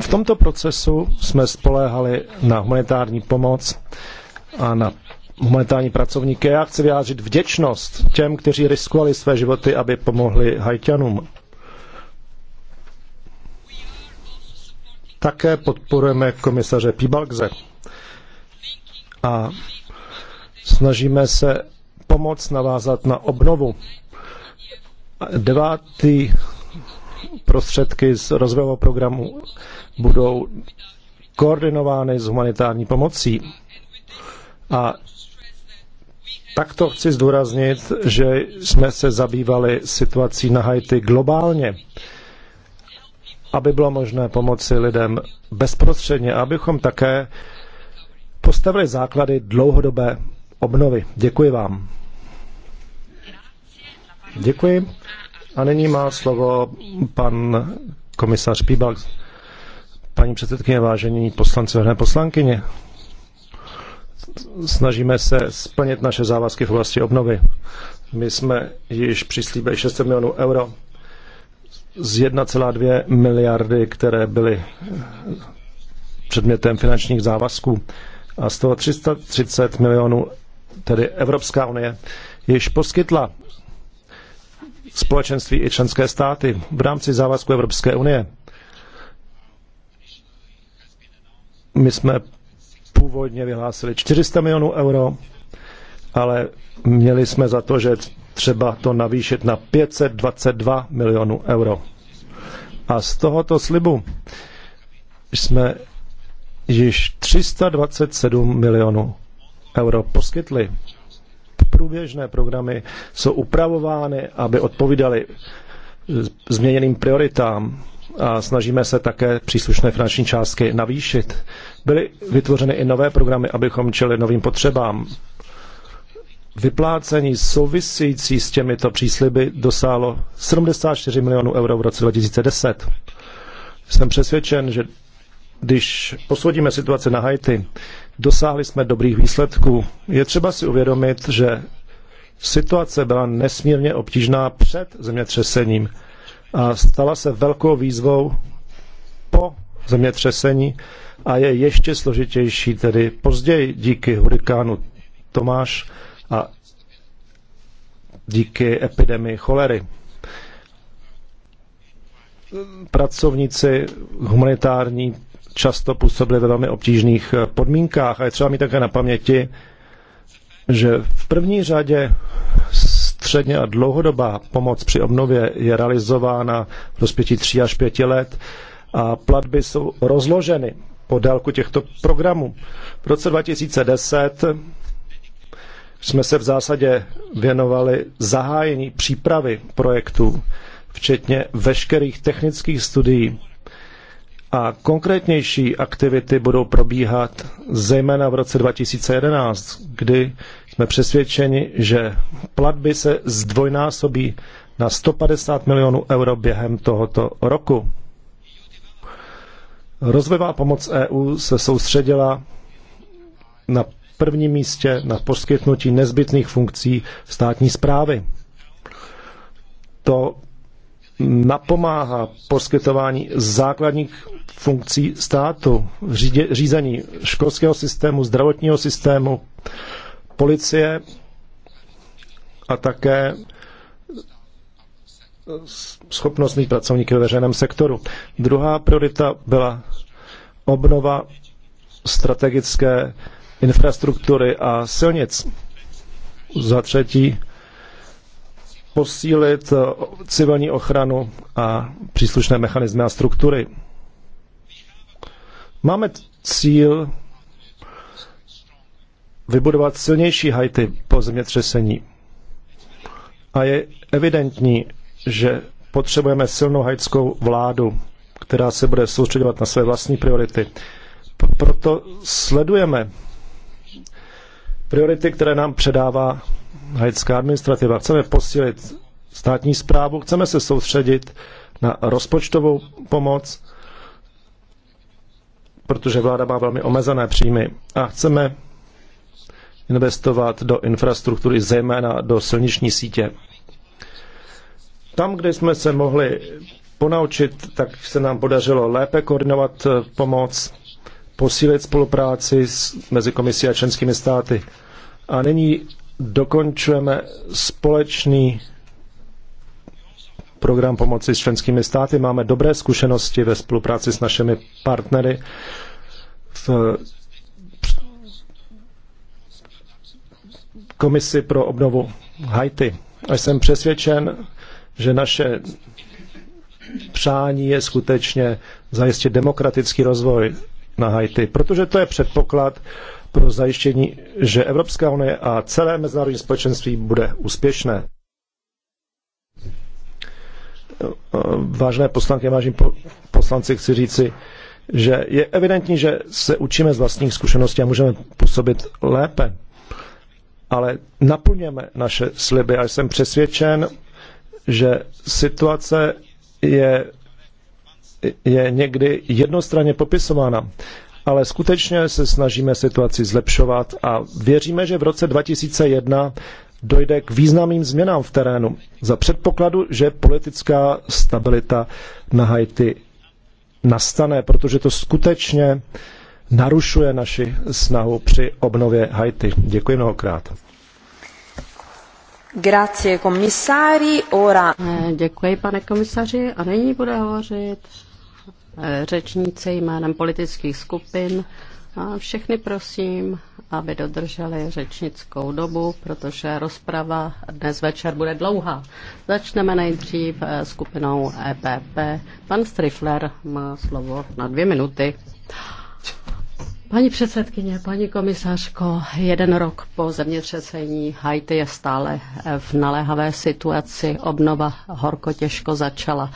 V tomto procesu jsme spoléhali na humanitární pomoc a na humanitární pracovníky. Já chci vyjádřit vděčnost těm, kteří riskovali své životy, aby pomohli hajťanům. Také podporujeme komisaře Pibalgze a snažíme se pomoc navázat na obnovu. 9 prostředky z rozvojového programu budou koordinovány s humanitární pomocí. A takto chci zdůraznit, že jsme se zabývali situací na Haiti globálně, aby bylo možné pomoci lidem bezprostředně a abychom také postavili základy dlouhodobé obnovy. Děkuji vám. Děkuji. A nyní má slovo pan komisař Píbal. Paní předsedkyně, vážení poslanci, vážené poslankyně, snažíme se splnit naše závazky v oblasti obnovy. My jsme již přislíbili 600 milionů euro z 1,2 miliardy, které byly předmětem finančních závazků a z toho 330 milionů, tedy Evropská unie, již poskytla společenství i členské státy v rámci závazku Evropské unie. My jsme původně vyhlásili 400 milionů euro, ale měli jsme za to, že třeba to navýšit na 522 milionů euro. A z tohoto slibu jsme již 327 milionů euro poskytli průběžné programy jsou upravovány, aby odpovídaly změněným prioritám a snažíme se také příslušné finanční částky navýšit. Byly vytvořeny i nové programy, abychom čili novým potřebám. Vyplácení souvisící s těmito přísliby dosáhlo 74 milionů euro v roce 2010. Jsem přesvědčen, že když posoudíme situaci na Haiti, Dosáhli jsme dobrých výsledků. Je třeba si uvědomit, že situace byla nesmírně obtížná před zemětřesením a stala se velkou výzvou po zemětřesení a je ještě složitější tedy později díky hurikánu Tomáš a díky epidemii cholery. Pracovníci humanitární často působili ve velmi obtížných eh, podmínkách. A je třeba mít také na paměti, že v první řadě středně a dlouhodobá pomoc při obnově je realizována v rozpětí 3 až 5 let a platby jsou rozloženy po délku těchto programů. V roce 2010 jsme se v zásadě věnovali zahájení přípravy projektů, včetně veškerých technických studií a konkrétnější aktivity budou probíhat zejména v roce 2011, kdy jsme přesvědčeni, že platby se zdvojnásobí na 150 milionů euro během tohoto roku. Rozvojová pomoc EU se soustředila na prvním místě na poskytnutí nezbytných funkcí státní zprávy. To napomáhá poskytování základních funkcí státu, řídě, řízení školského systému, zdravotního systému, policie a také schopnost mít pracovníky ve veřejném sektoru. Druhá priorita byla obnova strategické infrastruktury a silnic. Za třetí posílit eh, civilní ochranu a příslušné mechanismy a struktury. Máme cíl vybudovat silnější Haiti po zemětřesení. A je evidentní, že potřebujeme silnou haitskou vládu, která se bude soustředovat na své vlastní priority. Proto sledujeme priority, které nám předává haitská administrativa. Chceme posílit státní zprávu, chceme se soustředit na rozpočtovou pomoc, protože vláda má velmi omezené příjmy a chceme investovat do infrastruktury, zejména do silniční sítě. Tam, kde jsme se mohli ponaučit, tak se nám podařilo lépe koordinovat eh, pomoc, posílit spolupráci mezi komisí a členskými státy. A nyní dokončujeme společný program pomoci s členskými státy. Máme dobré zkušenosti ve spolupráci s našimi partnery v Komisi pro obnovu Haiti. A jsem přesvědčen, že naše přání je skutečně zajistit demokratický rozvoj na Haiti, protože to je předpoklad pro zajištění, že Evropská unie a celé mezinárodní společenství bude úspěšné. Vážné poslanky, vážení poslanci, chci říci, že je evidentní, že se učíme z vlastních zkušeností a můžeme působit lépe. Ale naplňujeme naše sliby a jsem přesvědčen, že situace je, je někdy jednostranně popisována ale skutečně se snažíme situaci zlepšovat a věříme, že v roce 2001 dojde k významným změnám v terénu za předpokladu, že politická stabilita na Haiti nastane, protože to skutečně narušuje naši snahu při obnově Haiti. Děkuji mnohokrát. Grazie, komisáři, ora. Eh, děkuji, pane komisaři. A nyní bude hovořit Eh, řečníci jménem politických skupin. A všechny prosím, aby dodrželi řečnickou dobu, protože rozprava dnes večer bude dlouhá. Začneme nejdřív eh, skupinou EPP. Pan Strifler má slovo na dvě minuty. Paní předsedkyně, paní komisařko, jeden rok po zemětřesení Haiti je stále v naléhavé situaci. Obnova horko těžko začala.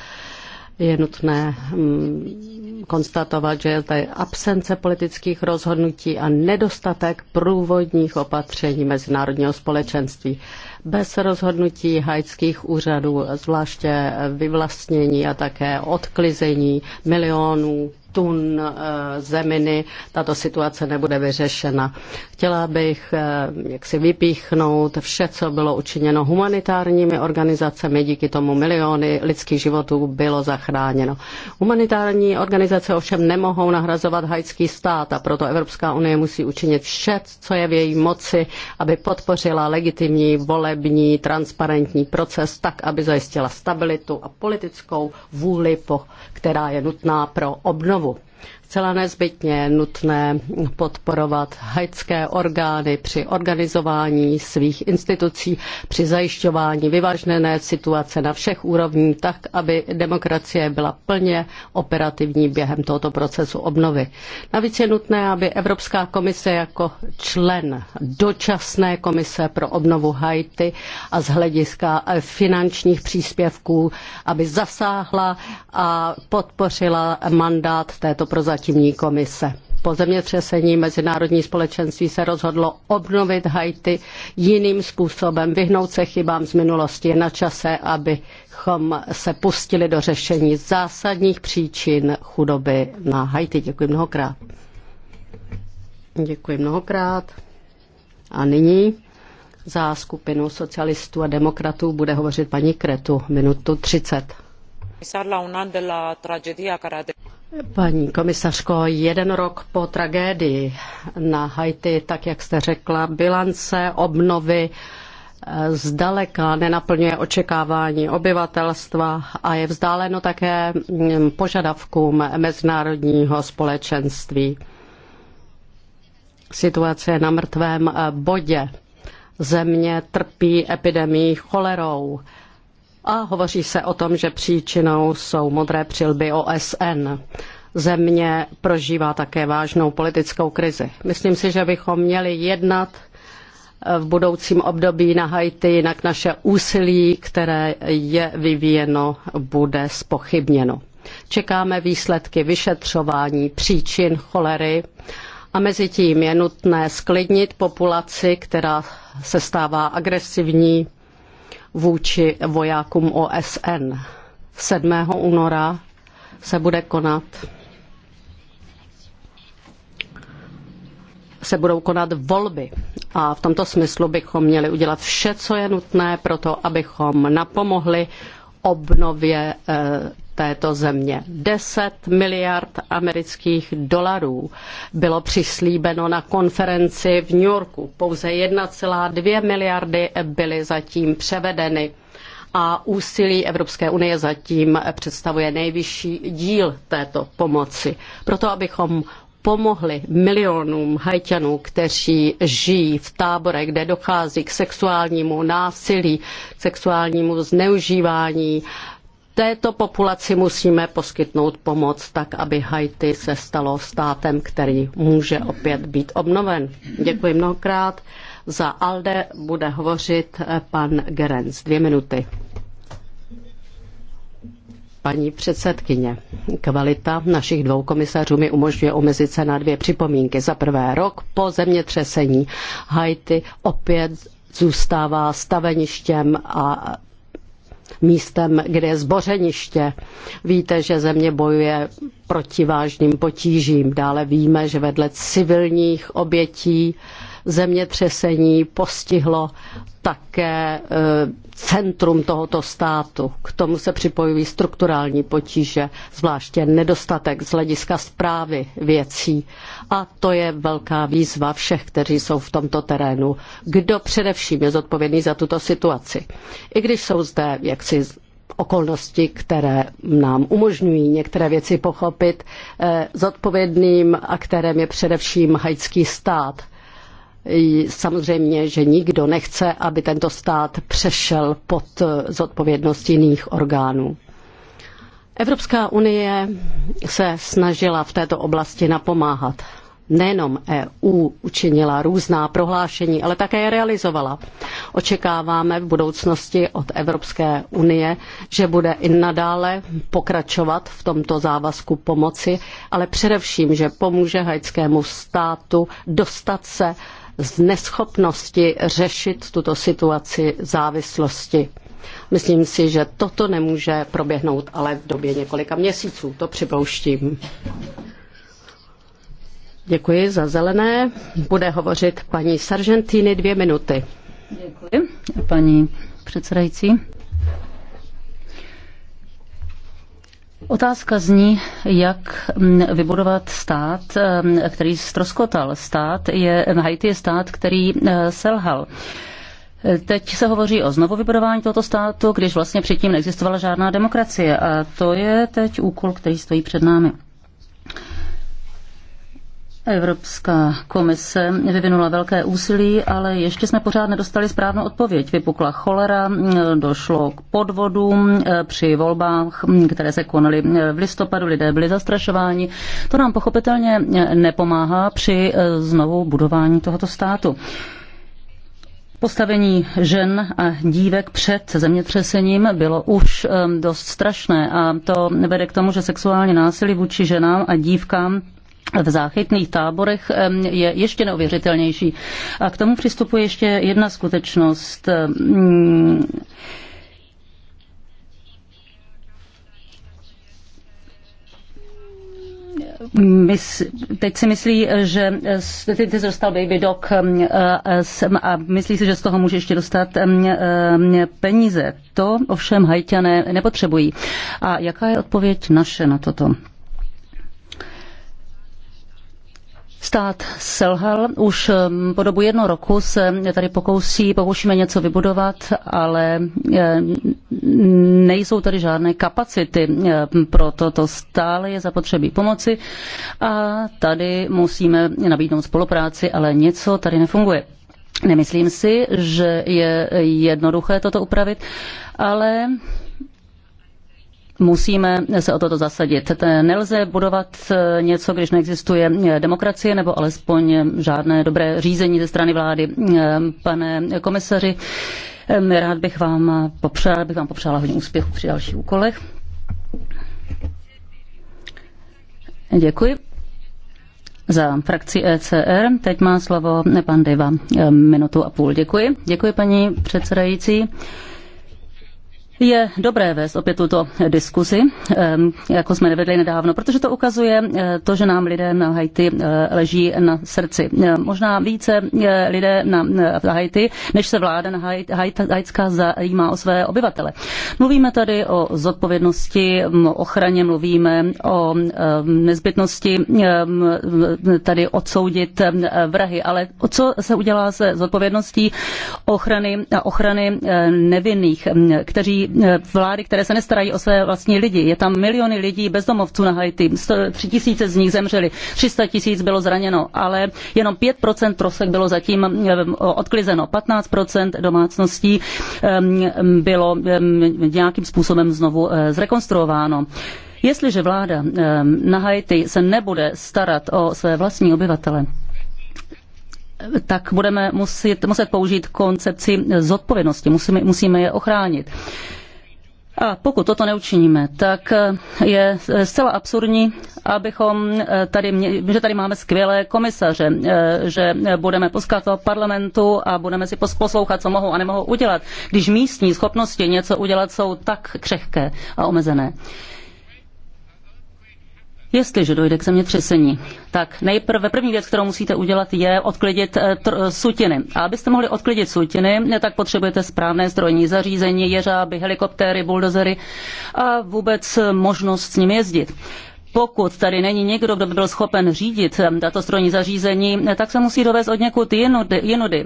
Je nutné mm, konstatovat, že je tady absence politických rozhodnutí a nedostatek průvodních opatření mezinárodního společenství. Bez rozhodnutí hajských úřadů, zvláště vyvlastnění a také odklizení milionů tun eh, zeminy tato situace nebude vyřešena. Chtěla bych eh, jak si vypíchnout vše, co bylo učiněno humanitárními organizacemi, díky tomu miliony lidských životů bylo zachráněno. Humanitární organizace ovšem nemohou nahrazovat hajský stát a proto Evropská unie musí učinit vše, co je v její moci, aby podpořila legitimní, volební, transparentní proces tak, aby zajistila stabilitu a politickou vůli, která je nutná pro obnovu znovu zcela nezbytně nutné podporovat haitské orgány při organizování svých institucí, při zajišťování vyvážené situace na všech úrovních, tak, aby demokracie byla plně operativní během tohoto procesu obnovy. Navíc je nutné, aby Evropská komise jako člen dočasné komise pro obnovu Haiti a z hlediska finančních příspěvků, aby zasáhla a podpořila mandát této prozatímní legislativní komise. Po zemětřesení mezinárodní společenství se rozhodlo obnovit Haiti jiným způsobem, vyhnout se chybám z minulosti. Je na čase, abychom se pustili do řešení zásadních příčin chudoby na Haiti. Děkuji mnohokrát. Děkuji mnohokrát. A nyní za skupinu socialistů a demokratů bude hovořit paní Kretu minutu 30. Paní komisařko, jeden rok po tragédii na Haiti, tak jak jste řekla, bilance obnovy eh, zdaleka nenaplňuje očekávání obyvatelstva a je vzdáleno také mm, požadavkům mezinárodního společenství. Situace je na mrtvém eh, bodě. Země trpí epidemií cholerou a hovoří se o tom, že příčinou jsou modré přilby OSN. Země prožívá také vážnou politickou krizi. Myslím si, že bychom měli jednat eh, v budoucím období na Haiti, jinak naše úsilí, které je vyvíjeno, bude spochybněno. Čekáme výsledky vyšetřování příčin cholery a mezi tím je nutné sklidnit populaci, která se stává agresivní vůči vojákům OSN. 7. února se bude konat se budou konat volby. A v tomto smyslu bychom měli udělat vše, co je nutné pro to, abychom napomohli obnově eh, této země. 10 miliard amerických dolarů bylo přislíbeno na konferenci v New Yorku. Pouze 1,2 miliardy byly zatím převedeny a úsilí Evropské unie zatím představuje nejvyšší díl této pomoci. Proto, abychom pomohli milionům hajťanů, kteří žijí v táborech, kde dochází k sexuálnímu násilí, k sexuálnímu zneužívání, této populaci musíme poskytnout pomoc tak, aby Haiti se stalo státem, který může opět být obnoven. Děkuji mnohokrát. Za ALDE bude hovořit eh, pan Gerenc. Dvě minuty. Paní předsedkyně, kvalita našich dvou komisařů mi umožňuje omezit se na dvě připomínky. Za prvé, rok po zemětřesení Haiti opět zůstává staveništěm a místem, kde je zbořeniště. Víte, že země bojuje proti vážným potížím. Dále víme, že vedle civilních obětí zemětřesení postihlo také e, centrum tohoto státu. K tomu se připojují strukturální potíže, zvláště nedostatek z hlediska zprávy věcí. A to je velká výzva všech, kteří jsou v tomto terénu. Kdo především je zodpovědný za tuto situaci? I když jsou zde jaksi okolnosti, které nám umožňují některé věci pochopit. E, zodpovědným aktérem je především haitský stát. Samozřejmě, že nikdo nechce, aby tento stát přešel pod zodpovědnost jiných orgánů. Evropská unie se snažila v této oblasti napomáhat. Nejenom EU učinila různá prohlášení, ale také je realizovala. Očekáváme v budoucnosti od Evropské unie, že bude i nadále pokračovat v tomto závazku pomoci, ale především, že pomůže haitskému státu dostat se z neschopnosti řešit tuto situaci závislosti. Myslím si, že toto nemůže proběhnout ale v době několika měsíců. To připouštím. Děkuji za zelené. Bude hovořit paní Sargentini dvě minuty. Děkuji, paní předsedající. Otázka zní, jak mm, vybudovat stát, mm, který ztroskotal. Stát je, mm, Haiti je stát, který selhal. Teď se hovoří o znovu vybudování tohoto státu, když vlastně předtím neexistovala žádná demokracie. A to je teď úkol, který stojí před námi. Evropská komise vyvinula velké úsilí, ale ještě jsme pořád nedostali správnou odpověď. Vypukla cholera, došlo k podvodům eh, při volbách, které se konaly eh, v listopadu, lidé byli zastrašováni. To nám pochopitelně eh, nepomáhá při znovu budování tohoto státu. Postavení žen a dívek před zemětřesením bylo už dost strašné a to vede k tomu, že sexuální násilí vůči ženám a dívkám v záchytných táborech je ještě neuvěřitelnější. A k tomu přistupuje ještě jedna skutečnost. Mys, teď si myslí, že ty, ty jsi dostal baby dog a myslí si, že z toho může ještě dostat peníze. To ovšem hajťané nepotřebují. A jaká je odpověď naše na toto? Stát selhal, už um, po dobu jedno roku se tady pokousí, pokoušíme něco vybudovat, ale eh, nejsou tady žádné kapacity, eh, proto to stále je zapotřebí pomoci a tady musíme nabídnout spolupráci, ale něco tady nefunguje. Nemyslím si, že je jednoduché toto upravit, ale musíme se o toto zasadit. Nelze budovat eh, něco, když neexistuje eh, demokracie nebo alespoň žádné dobré řízení ze strany vlády. Eh, pane komisaři, rád bych vám popřála, bych vám popřála hodně úspěchu při dalších úkolech. Děkuji. Za frakci ECR teď má slovo pan Deva. Minutu a půl. Děkuji. Děkuji, paní předsedající. Je dobré vést opět tuto diskuzi, jako jsme nevedli nedávno, protože to ukazuje eh, to, že nám lidé na Haiti eh, leží na srdci. Eh, možná více lidé na Haiti, než se vláda na Haitská zajímá o své obyvatele. Mluvíme tady o zodpovědnosti, o ochraně, mluvíme o nezbytnosti tady odsoudit vrahy, ale co se udělá se zodpovědností ochrany, ochrany nevinných, kteří Eh, vlády, které se nestarají o své vlastní lidi. Je tam miliony lidí bezdomovců na Haiti, tři tisíce z nich zemřeli, 300 tisíc bylo zraněno, ale jenom 5% trosek bylo zatím eh, odklizeno, 15% domácností bylo nějakým způsobem znovu eh, zrekonstruováno. Jestliže vláda na Haiti se nebude starat o své vlastní obyvatele, tak budeme muset, muset použít koncepci zodpovědnosti, musíme, musíme je ochránit. A pokud toto neučiníme, tak eh, je eh, zcela absurdní, abychom eh, tady, že tady máme skvělé komisaře, že budeme poskat toho parlamentu a budeme si poslouchat, co mohou a nemohou udělat, když místní schopnosti něco udělat jsou tak křehké a omezené. Jestliže dojde k zemětřesení, tak nejprve první věc, kterou musíte udělat, je odklidit eh, sutiny. A abyste mohli odklidit sutiny, tak potřebujete správné zdrojní zařízení, jeřáby, helikoptéry, buldozery a vůbec eh, možnost s nimi jezdit pokud tady není někdo, kdo by byl schopen řídit eh, tato strojní zařízení, tak se musí dovést od někud jinudy, jinudy.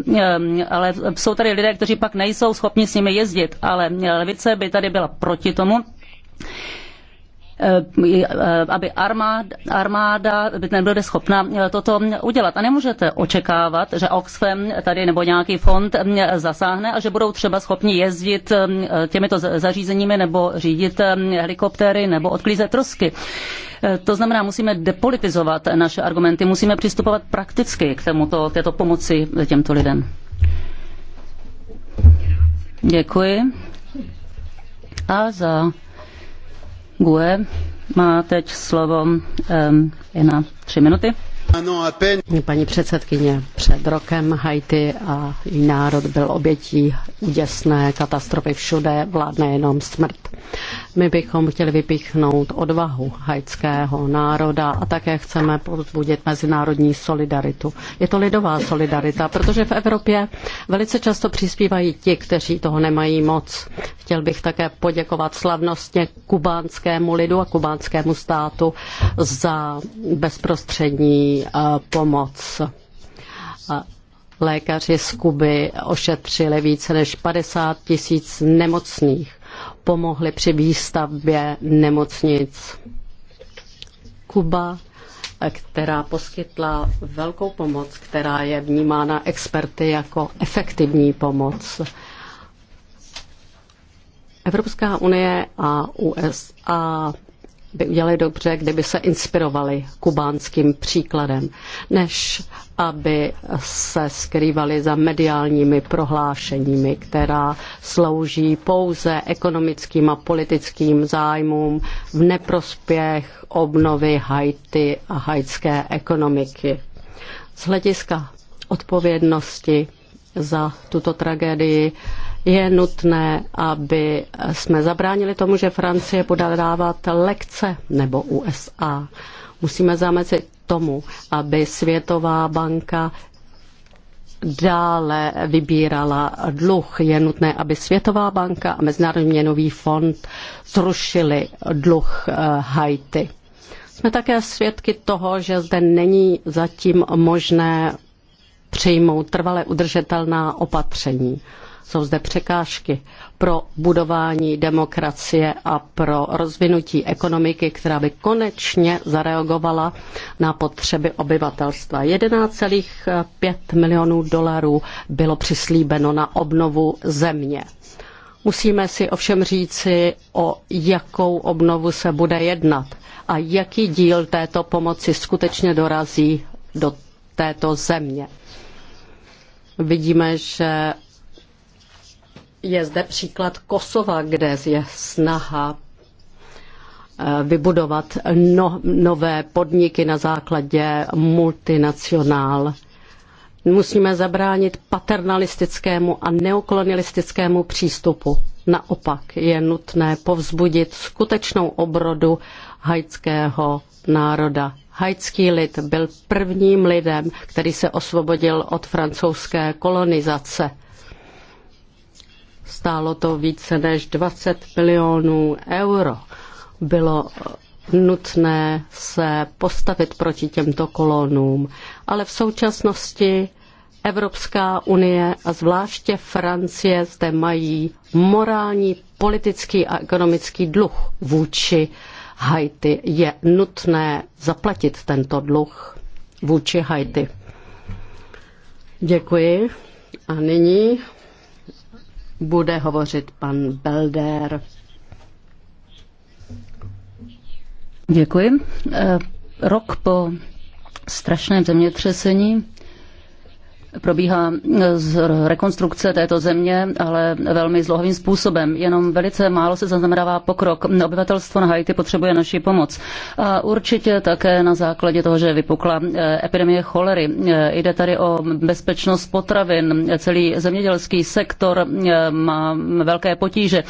Ale jsou tady lidé, kteří pak nejsou schopni s nimi jezdit, ale levice by tady byla proti tomu. Eh, aby armáda, armáda nebyla schopna eh, toto mm, udělat. A nemůžete očekávat, že Oxfam tady nebo nějaký fond mm, zasáhne a že budou třeba schopni jezdit mm, eh, těmito zařízeními nebo řídit helikoptéry nebo odklízet trosky. To znamená, musíme depolitizovat naše argumenty, musíme přistupovat prakticky k tomuto, této pomoci těmto lidem. Děkuji. A za GUE má teď slovo um, i na tři minuty. Paní předsedkyně, před rokem Haiti a její národ byl obětí úděsné katastrofy všude, vládne jenom smrt. My bychom chtěli vypíchnout odvahu haitského národa a také chceme povzbudit mezinárodní solidaritu. Je to lidová solidarita, protože v Evropě velice často přispívají ti, kteří toho nemají moc. Chtěl bych také poděkovat slavnostně kubánskému lidu a kubánskému státu za bezprostřední eh, pomoc lékaři z Kuby ošetřili více než 50 tisíc nemocných pomohly při výstavbě nemocnic. Kuba, která poskytla velkou pomoc, která je vnímána experty jako efektivní pomoc. Evropská unie a USA by udělali dobře, kdyby se inspirovali kubánským příkladem, než aby se skrývali za mediálními prohlášeními, která slouží pouze ekonomickým a politickým zájmům v neprospěch obnovy Haiti a haitské ekonomiky. Z hlediska odpovědnosti za tuto tragédii je nutné, aby jsme zabránili tomu, že Francie bude dávat lekce nebo USA. Musíme zamezit tomu, aby Světová banka dále vybírala dluh. Je nutné, aby Světová banka a Mezinárodní měnový fond zrušili dluh eh, Haiti. Jsme také svědky toho, že zde není zatím možné přijmout trvale udržitelná opatření. Jsou zde překážky pro budování demokracie a pro rozvinutí ekonomiky, která by konečně zareagovala na potřeby obyvatelstva. 11,5 milionů dolarů bylo přislíbeno na obnovu země. Musíme si ovšem říci, o jakou obnovu se bude jednat a jaký díl této pomoci skutečně dorazí do této země. Vidíme, že je zde příklad Kosova, kde je snaha eh, vybudovat no, nové podniky na základě multinacionál. Musíme zabránit paternalistickému a neokolonialistickému přístupu. Naopak je nutné povzbudit skutečnou obrodu haitského národa. Haitský lid byl prvním lidem, který se osvobodil od francouzské kolonizace. Stálo to více než 20 milionů euro. Bylo nutné se postavit proti těmto kolonům, ale v současnosti Evropská unie a zvláště Francie zde mají morální, politický a ekonomický dluh vůči Haiti. Je nutné zaplatit tento dluh vůči Haiti. Děkuji. A nyní bude hovořit pan Belder. Děkuji. Eh, rok po strašném zemětřesení probíhá eh, z rekonstrukce této země, ale velmi zlohovým způsobem. Jenom velice málo se zaznamenává pokrok. Obyvatelstvo na Haiti potřebuje naši pomoc. A určitě také na základě toho, že vypukla eh, epidemie cholery. Eh, jde tady o bezpečnost potravin. Celý zemědělský sektor má velké potíže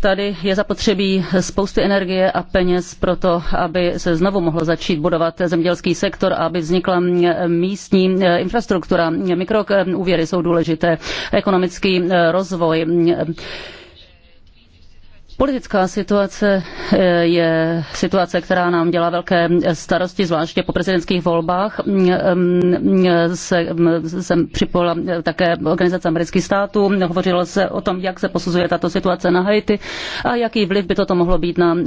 tady je zapotřebí spousty energie a peněz pro to, aby se znovu mohlo začít budovat zemědělský sektor a aby vznikla místní eh, infrastruktura. Mikroúvěry jsou důležité, ekonomický eh, rozvoj Politická situace eh, je situace, která nám dělá velké starosti, zvláště po prezidentských volbách. Mm, mm, se, mm, jsem připojila eh, také organizace amerických států, hovořilo se o tom, jak se posuzuje tato situace na Haiti a jaký vliv by toto mohlo být na eh,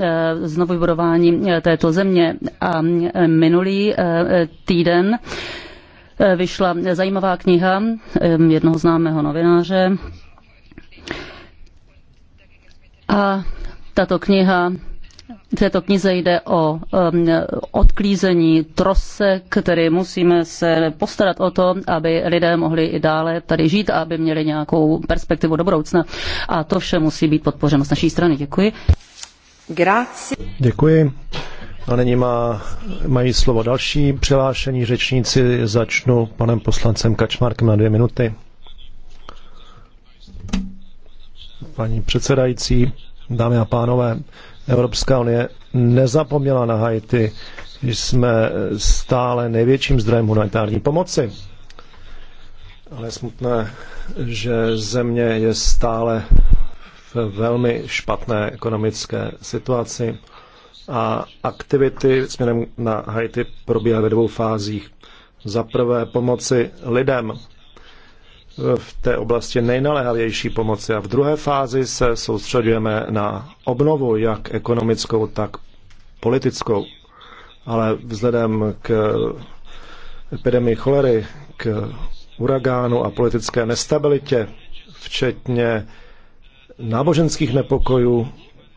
znovu vybudování této země. A minulý týden vyšla zajímavá kniha jednoho známého novináře, a tato kniha v této knize jde o um, odklízení trosek, tedy musíme se postarat o to, aby lidé mohli i dále tady žít a aby měli nějakou perspektivu do budoucna. A to vše musí být podpořeno z naší strany. Děkuji. Grazie. Děkuji. A nyní má, mají slovo další přihlášení řečníci. Začnu panem poslancem Kačmarkem na dvě minuty. paní předsedající, dámy a pánové. Evropská unie nezapomněla na Haiti, že jsme stále největším zdrojem humanitární pomoci. Ale je smutné, že země je stále v velmi špatné ekonomické situaci a aktivity směrem na Haiti probíhají ve dvou fázích. Za prvé pomoci lidem, v té oblasti nejnaléhavější pomoci. A v druhé fázi se soustředujeme na obnovu, jak ekonomickou, tak politickou. Ale vzhledem k epidemii cholery, k uragánu a politické nestabilitě, včetně náboženských nepokojů,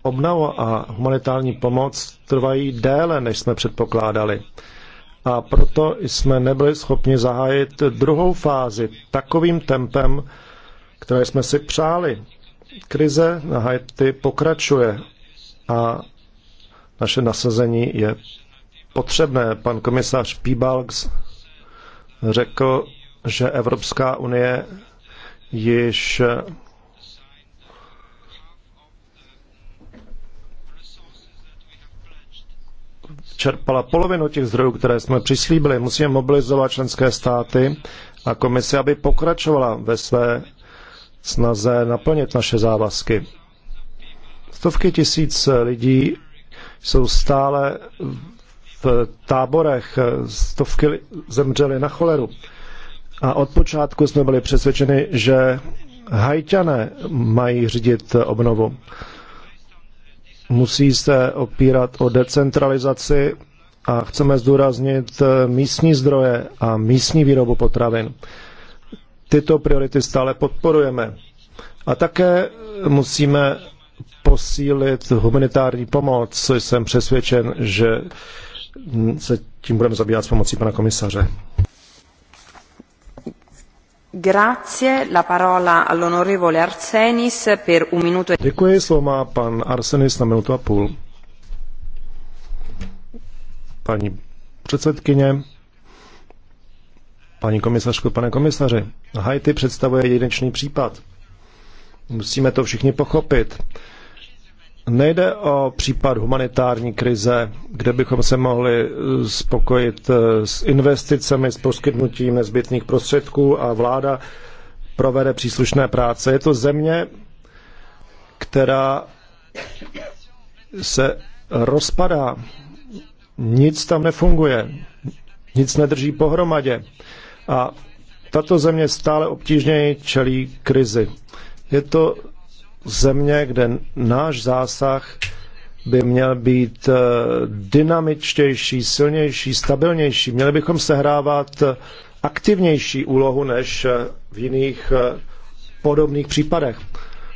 obnova a humanitární pomoc trvají déle, než jsme předpokládali a proto jsme nebyli schopni zahájit druhou fázi takovým tempem, které jsme si přáli. Krize na Haiti pokračuje a naše nasazení je potřebné. Pan komisař Peebalgs řekl, že Evropská unie již čerpala polovinu těch zdrojů, které jsme přislíbili. Musíme mobilizovat členské státy a komise, aby pokračovala ve své snaze naplnit naše závazky. Stovky tisíc lidí jsou stále v táborech, stovky zemřely na choleru. A od počátku jsme byli přesvědčeni, že hajťané mají řídit obnovu musí se opírat o decentralizaci a chceme zdůraznit eh, místní zdroje a místní výrobu potravin. Tyto priority stále podporujeme. A také musíme posílit humanitární pomoc, což jsem přesvědčen, že se tím budeme zabývat s pomocí pana komisaře. Grazie, la parola all'onorevole Arsenis per un minuto. E- Děkuji, slovo má pan Arsenis na minutu a půl. Paní předsedkyně, paní komisařko, pane komisaři, Haiti představuje jedinečný případ. Musíme to všichni pochopit. Nejde o případ humanitární krize, kde bychom se mohli spokojit eh, s investicemi, s poskytnutím nezbytných prostředků a vláda provede příslušné práce. Je to země, která se rozpadá. Nic tam nefunguje, nic nedrží pohromadě. A tato země stále obtížněji čelí krizi. Je to země, kde náš zásah by měl být eh, dynamičtější, silnější, stabilnější. Měli bychom sehrávat eh, aktivnější úlohu než eh, v jiných podobných případech.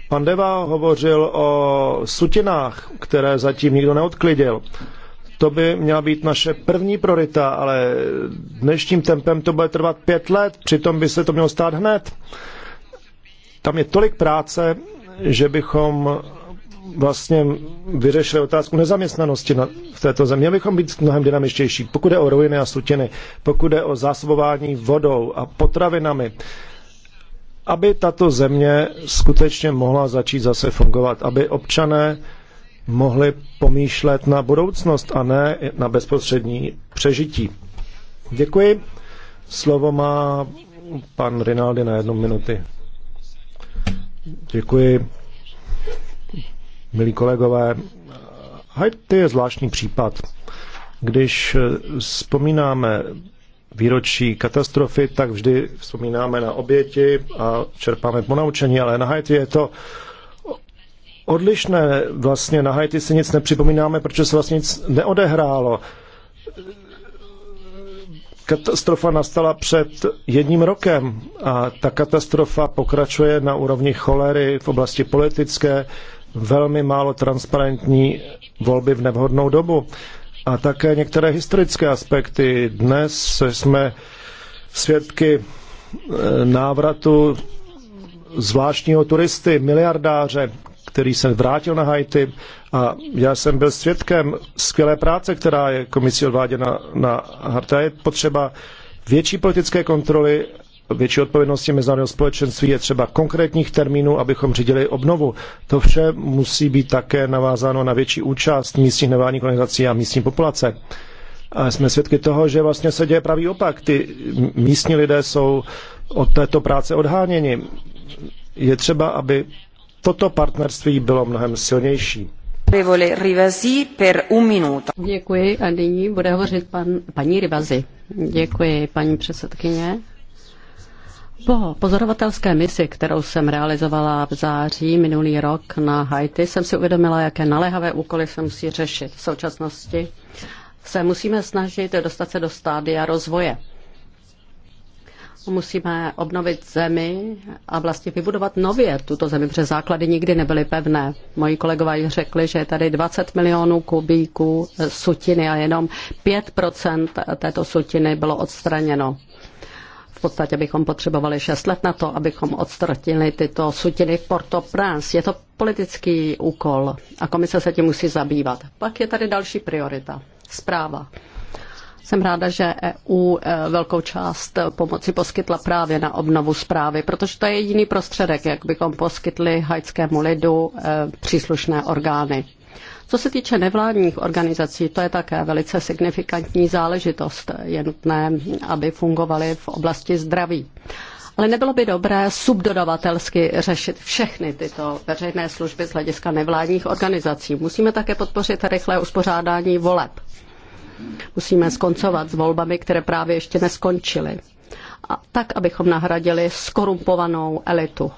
Pan Deva hovořil o sutinách, které zatím nikdo neodklidil. To by měla být naše první priorita, ale dnešním tempem to bude trvat pět let, přitom by se to mělo stát hned. Tam je tolik práce, že bychom vlastně vyřešili otázku nezaměstnanosti na, v této zemi. Měli bychom být mnohem dynamičtější, pokud je o ruiny a sutiny, pokud je o zásobování vodou a potravinami, aby tato země skutečně mohla začít zase fungovat, aby občané mohli pomýšlet na budoucnost a ne na bezprostřední přežití. Děkuji. Slovo má pan Rinaldi na jednu minuty. Děkuji. Milí kolegové, Haiti je zvláštní případ. Když eh, vzpomínáme výročí katastrofy, tak vždy vzpomínáme na oběti a čerpáme ponaučení, ale na Haiti je to odlišné. Vlastně na Haiti si nic nepřipomínáme, protože se vlastně nic neodehrálo katastrofa nastala před jedním rokem a ta katastrofa pokračuje na úrovni cholery v oblasti politické, velmi málo transparentní volby v nevhodnou dobu a také některé historické aspekty. Dnes jsme svědky eh, návratu zvláštního turisty, miliardáře, který se vrátil na Haiti a já jsem byl svědkem skvělé práce, která je komisí odváděna na Haiti. Je potřeba větší politické kontroly, větší odpovědnosti mezinárodního společenství, je třeba konkrétních termínů, abychom řídili obnovu. To vše musí být také navázáno na větší účast místních nevládních organizací a místní populace. A jsme svědky toho, že vlastně se děje pravý opak. Ty místní lidé jsou od této práce odháněni. Je třeba, aby toto partnerství bylo mnohem silnější. Děkuji a nyní bude hovořit pan, paní Rivazi. Děkuji, paní předsedkyně. Po pozorovatelské misi, kterou jsem realizovala v září minulý rok na Haiti, jsem si uvědomila, jaké naléhavé úkoly se musí řešit v současnosti. Se musíme snažit dostat se do stádia rozvoje musíme obnovit zemi a vlastně vybudovat nově tuto zemi, protože základy nikdy nebyly pevné. Moji kolegové řekli, že je tady 20 milionů kubíků sutiny a jenom 5% této sutiny bylo odstraněno. V podstatě bychom potřebovali 6 let na to, abychom odstratili tyto sutiny v Port-au-Prince. Je to politický úkol a komise se tím musí zabývat. Pak je tady další priorita. Zpráva. Jsem ráda, že EU e, velkou část pomoci poskytla právě na obnovu zprávy, protože to je jediný prostředek, jak bychom poskytli hajskému lidu e, příslušné orgány. Co se týče nevládních organizací, to je také velice signifikantní záležitost. Je nutné, aby fungovaly v oblasti zdraví. Ale nebylo by dobré subdodavatelsky řešit všechny tyto veřejné služby z hlediska nevládních organizací. Musíme také podpořit rychlé uspořádání voleb. Musíme skoncovat s volbami, které právě ještě neskončily. A tak, abychom nahradili skorumpovanou elitu.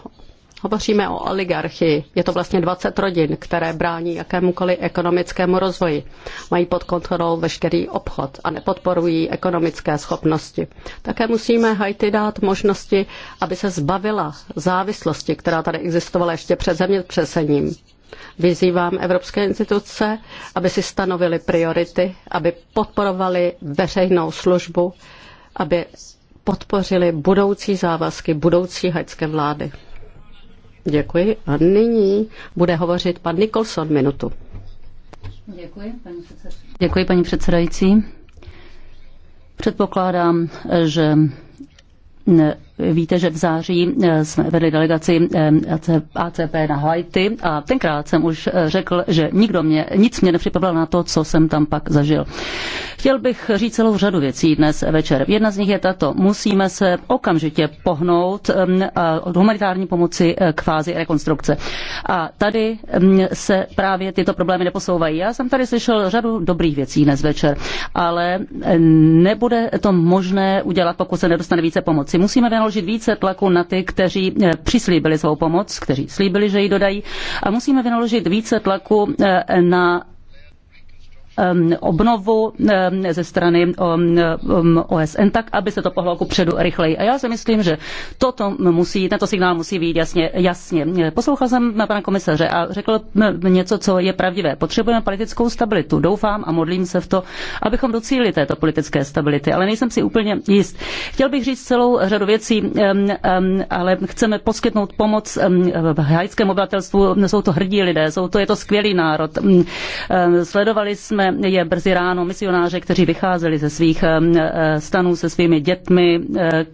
Hovoříme o oligarchii. Je to vlastně 20 rodin, které brání jakémukoliv ekonomickému rozvoji. Mají pod kontrolou veškerý obchod a nepodporují ekonomické schopnosti. Také musíme Haiti dát možnosti, aby se zbavila závislosti, která tady existovala ještě před zemětřesením. Vyzývám evropské instituce, aby si stanovily priority, aby podporovali veřejnou službu, aby podpořili budoucí závazky budoucí haitské vlády. Děkuji. A nyní bude hovořit pan Nicholson minutu. Děkuji, paní, předsedající. Děkuji, paní předsedající. Předpokládám, že ne Víte, že v září eh, jsme vedli delegaci eh, ACP na Haiti a tenkrát jsem už eh, řekl, že nikdo mě, nic mě nepřipravil na to, co jsem tam pak zažil. Chtěl bych říct celou řadu věcí dnes večer. Jedna z nich je tato. Musíme se okamžitě pohnout od humanitární pomoci k fázi rekonstrukce. A tady mm, se právě tyto problémy neposouvají. Já jsem tady slyšel řadu dobrých věcí dnes večer, ale nebude to možné udělat, pokud se nedostane více pomoci. Musíme věnovat vynaložit více tlaku na ty, kteří eh, přislíbili svou pomoc, kteří slíbili, že ji dodají a musíme vynaložit více tlaku eh, na Um, obnovu um, ze strany um, OSN tak, aby se to pohlo ku předu rychleji. A já si myslím, že toto musí, tento signál musí být jasně, jasně. Poslouchal jsem pana komisaře a řekl něco, co je pravdivé. Potřebujeme politickou stabilitu. Doufám a modlím se v to, abychom docílili této politické stability, ale nejsem si úplně jist. Chtěl bych říct celou řadu věcí, ale chceme poskytnout pomoc haitskému obyvatelstvu. Jsou to hrdí lidé, jsou to, je to skvělý národ. Sledovali jsme je brzy ráno misionáře, kteří vycházeli ze svých eh, stanů se svými dětmi. Eh,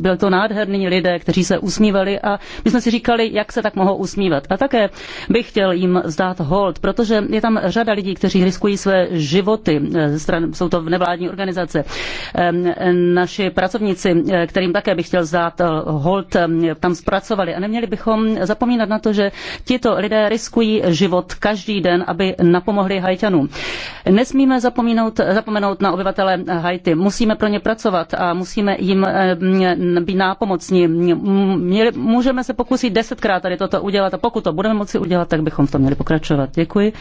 Byl to nádherný lidé, kteří se usmívali a my jsme si říkali, jak se tak mohou usmívat. A také bych chtěl jim zdát hold, protože je tam řada lidí, kteří riskují své životy. Eh, jsou to nevládní organizace. Ehm, naši pracovníci, kterým také bych chtěl zdát hold, tam zpracovali. A neměli bychom zapomínat na to, že tito lidé riskují život každý den, aby napomohli hajťanům. Nesmíme zapomínout, zapomenout na obyvatele Haiti. Musíme pro ně pracovat a musíme jim eh, být nápomocní. Můžeme se pokusit desetkrát tady toto udělat a pokud to budeme moci udělat, tak bychom v tom měli pokračovat. Děkuji.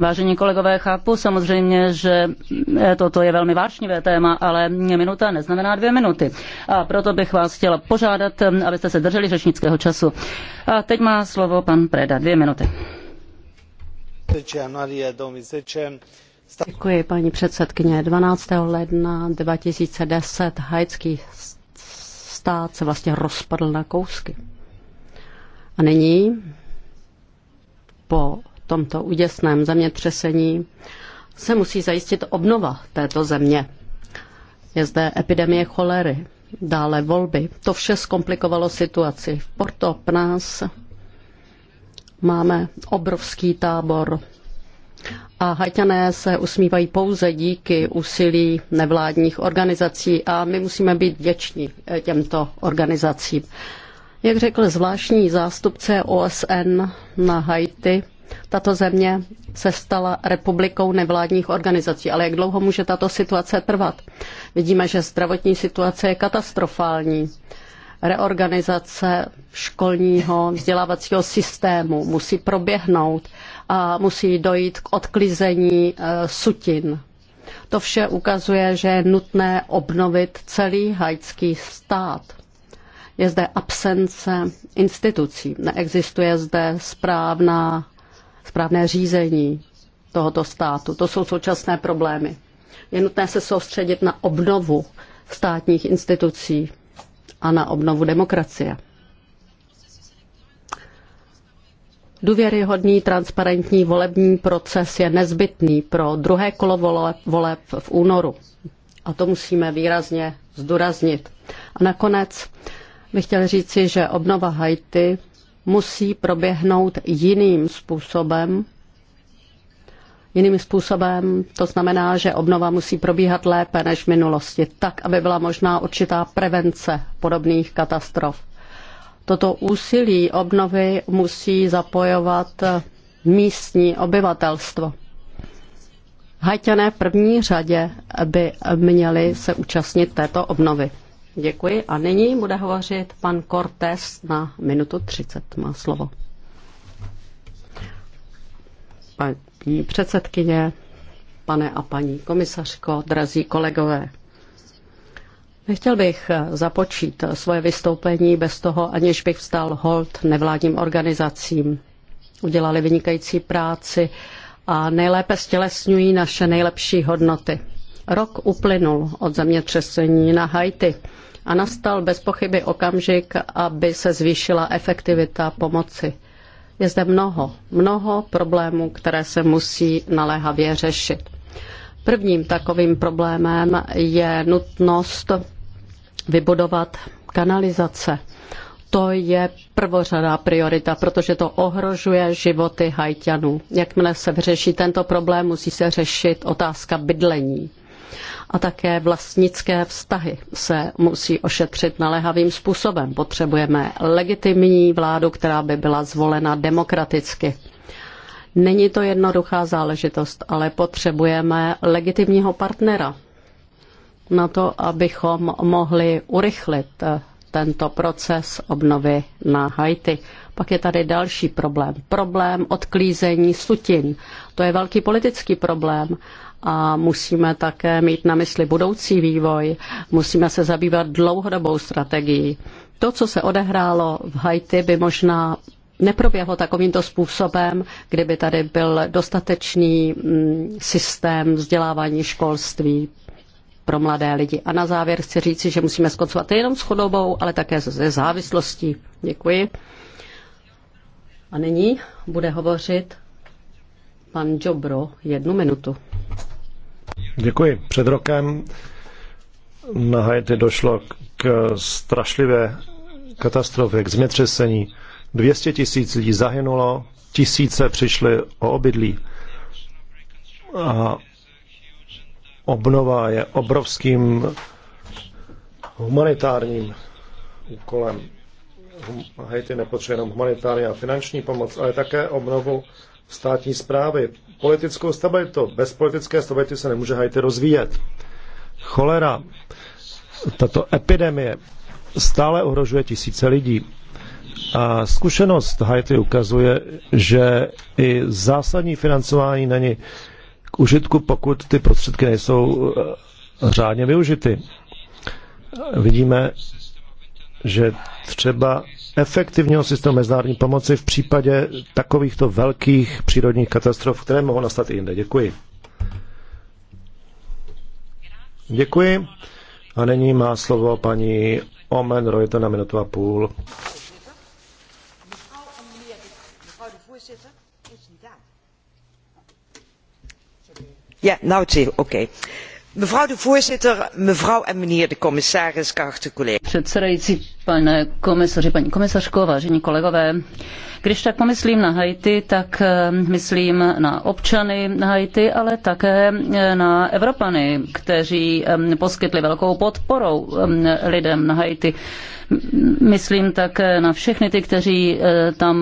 Vážení kolegové, chápu samozřejmě, že eh, toto je velmi vášnivé téma, ale minuta neznamená dvě minuty. A proto bych vás chtěla požádat, eh, abyste se drželi řečnického času. A teď má slovo pan Preda. Dvě minuty. Děkuji, paní předsedkyně. 12. ledna 2010 haitský stát se vlastně rozpadl na kousky. A nyní po tomto úděsném zemětřesení se musí zajistit obnova této země. Je zde epidemie cholery, dále volby. To vše zkomplikovalo situaci. V Porto Pnás máme obrovský tábor a haťané se usmívají pouze díky úsilí nevládních organizací a my musíme být vděční těmto organizacím. Jak řekl zvláštní zástupce OSN na Haiti, tato země se stala republikou nevládních organizací. Ale jak dlouho může tato situace trvat? Vidíme, že zdravotní situace je katastrofální. Reorganizace školního vzdělávacího systému musí proběhnout a musí dojít k odklizení e, sutin. To vše ukazuje, že je nutné obnovit celý haitský stát. Je zde absence institucí, neexistuje zde správná, správné řízení tohoto státu. To jsou současné problémy. Je nutné se soustředit na obnovu státních institucí a na obnovu demokracie. Důvěryhodný transparentní volební proces je nezbytný pro druhé kolo voleb v únoru. A to musíme výrazně zdůraznit. A nakonec bych chtěl říci, že obnova Haiti musí proběhnout jiným způsobem. Jiným způsobem to znamená, že obnova musí probíhat lépe než v minulosti, tak, aby byla možná určitá prevence podobných katastrof. Toto úsilí obnovy musí zapojovat místní obyvatelstvo. Hajťané v první řadě by měli se účastnit této obnovy. Děkuji a nyní bude hovořit pan Cortés na minutu 30. Má slovo. Paní předsedkyně, pane a paní komisařko, drazí kolegové. Nechtěl bych započít svoje vystoupení bez toho, aniž bych vstal hold nevládním organizacím. Udělali vynikající práci a nejlépe stělesňují naše nejlepší hodnoty. Rok uplynul od zemětřesení na Haiti a nastal bez pochyby okamžik, aby se zvýšila efektivita pomoci. Je zde mnoho, mnoho problémů, které se musí naléhavě řešit. Prvním takovým problémem je nutnost vybudovat kanalizace. To je prvořadá priorita, protože to ohrožuje životy hajťanů. Jakmile se vyřeší tento problém, musí se řešit otázka bydlení a také vlastnické vztahy se musí ošetřit naléhavým způsobem. Potřebujeme legitimní vládu, která by byla zvolena demokraticky. Není to jednoduchá záležitost, ale potřebujeme legitimního partnera na to, abychom mohli urychlit eh, tento proces obnovy na Haiti. Pak je tady další problém. Problém odklízení sutin. To je velký politický problém a musíme také mít na mysli budoucí vývoj, musíme se zabývat dlouhodobou strategií. To, co se odehrálo v Haiti, by možná neproběhlo takovýmto způsobem, kdyby tady byl dostatečný mm, systém vzdělávání školství pro mladé lidi. A na závěr chci říci, že musíme skoncovat nejenom s chudobou, ale také se závislostí. Děkuji. A nyní bude hovořit pan Jobro jednu minutu. Děkuji. Před rokem na Haiti došlo k strašlivé katastrofě, k změtřesení. 200 tisíc lidí zahynulo, tisíce přišly o obydlí. A obnova je obrovským humanitárním úkolem. Haiti nepotřebuje jenom humanitární a finanční pomoc, ale také obnovu státní zprávy, politickou stabilitu. Bez politické stability se nemůže Haiti rozvíjet. Cholera, tato epidemie stále ohrožuje tisíce lidí. A zkušenost Haiti ukazuje, že i zásadní financování není k užitku, pokud ty prostředky nejsou eh, řádně využity. Vidíme, že třeba efektivního systému mezinárodní pomoci v případě takovýchto velkých přírodních katastrof, které mohou nastat i jinde. Děkuji. Děkuji. A nyní má slovo paní Omen Rojte na minutu a půl. Yeah, now it's okay. Mevrouw de voorzitter, mevrouw en de commissaris, geachte collega's. pane komisaři, paní komisařko, vážení kolegové, když tak pomyslím na Haiti, tak eh, myslím na občany Haiti, ale také eh, na Evropany, kteří eh, poskytli velkou podporu lidem na Haiti. Myslím také na všechny ty, kteří eh, tam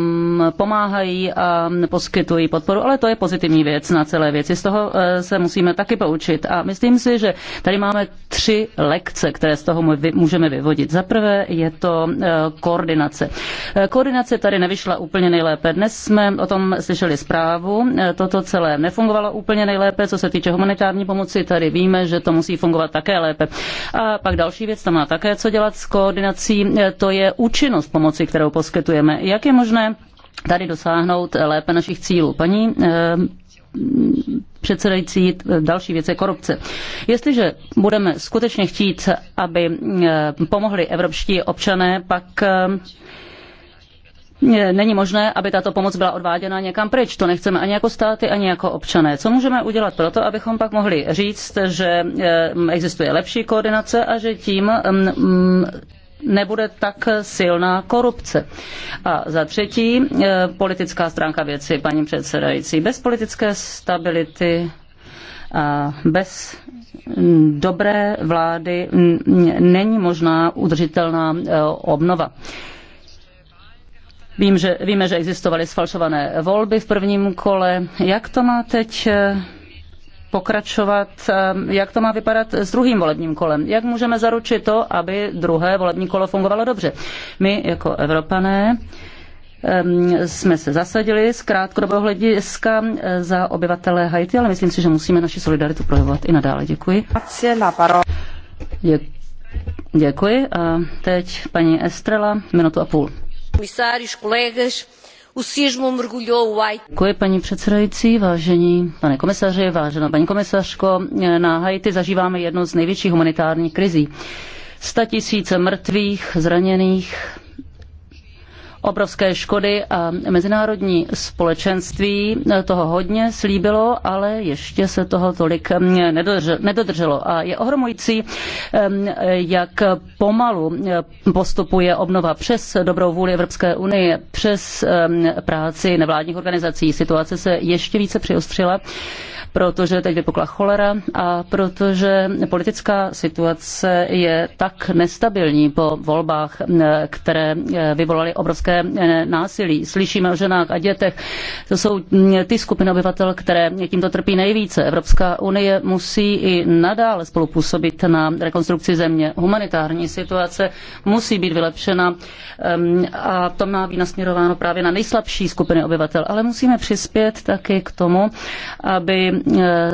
pomáhají a poskytují podporu, ale to je pozitivní věc na celé věci. Z toho eh, se musíme taky poučit. A myslím si, že tady máme tři lekce, které z toho můžeme vyvodit. Za prvé je to eh, koordinace. Koordinace tady nevyšla úplně nejlépe. Dnes jsme o tom slyšeli zprávu. Toto celé nefungovalo úplně nejlépe, co se týče humanitární pomoci. Tady víme, že to musí fungovat také lépe. A pak další věc, tam má také co dělat s koordinací pomocí, eh, to je účinnost pomoci, kterou poskytujeme. Jak je možné tady dosáhnout lépe našich cílů? Paní eh, předsedající, další věc je korupce. Jestliže budeme skutečně chtít, aby eh, pomohli evropští občané, pak není možné, aby tato pomoc byla odváděna někam pryč. To nechceme ani jako státy, ani jako občané. Co můžeme udělat pro to, abychom pak mohli říct, že existuje lepší koordinace a že tím mm, nebude tak silná korupce. A za třetí, eh, politická stránka věci, paní předsedající. Bez politické stability a bez dobré vlády není možná udržitelná eh, obnova. Vím, že, víme, že existovaly sfalšované volby v prvním kole. Jak to má teď eh, pokračovat, eh, jak to má vypadat s druhým volebním kolem. Jak můžeme zaručit to, aby druhé volební kolo fungovalo dobře? My jako Evropané ehm, jsme se zasadili z krátkodobého hlediska eh, za obyvatele Haiti, ale myslím si, že musíme naši solidaritu projevovat i nadále. Děkuji. Děkuji. A teď paní Estrela, minutu a půl. Komisáři, kolegas, o sismo mergulhou o Haiti. Děkuji paní předsedající, vážení pane komisaři, vážená paní komisařko. Na Haiti zažíváme jednu z největších humanitárních krizí. Sta tisíce mrtvých, zraněných, obrovské škody a mezinárodní společenství toho hodně slíbilo, ale ještě se toho tolik mm, nedodrželo. A je ohromující, mm, jak pomalu mm, postupuje obnova přes dobrou vůli Evropské unie, přes práci nevládních organizací. Situace se ještě více přiostřila protože teď vypukla cholera a protože politická situace je tak nestabilní po volbách, eh, které eh, vyvolaly obrovské eh, násilí. Slyšíme o ženách a dětech. To jsou mm, ty skupiny obyvatel, které tímto trpí nejvíce. Evropská unie musí i nadále spolupůsobit na rekonstrukci země. Humanitární situace musí být vylepšena ehm, a to má být nasměrováno právě na nejslabší skupiny obyvatel. Ale musíme přispět taky k tomu, aby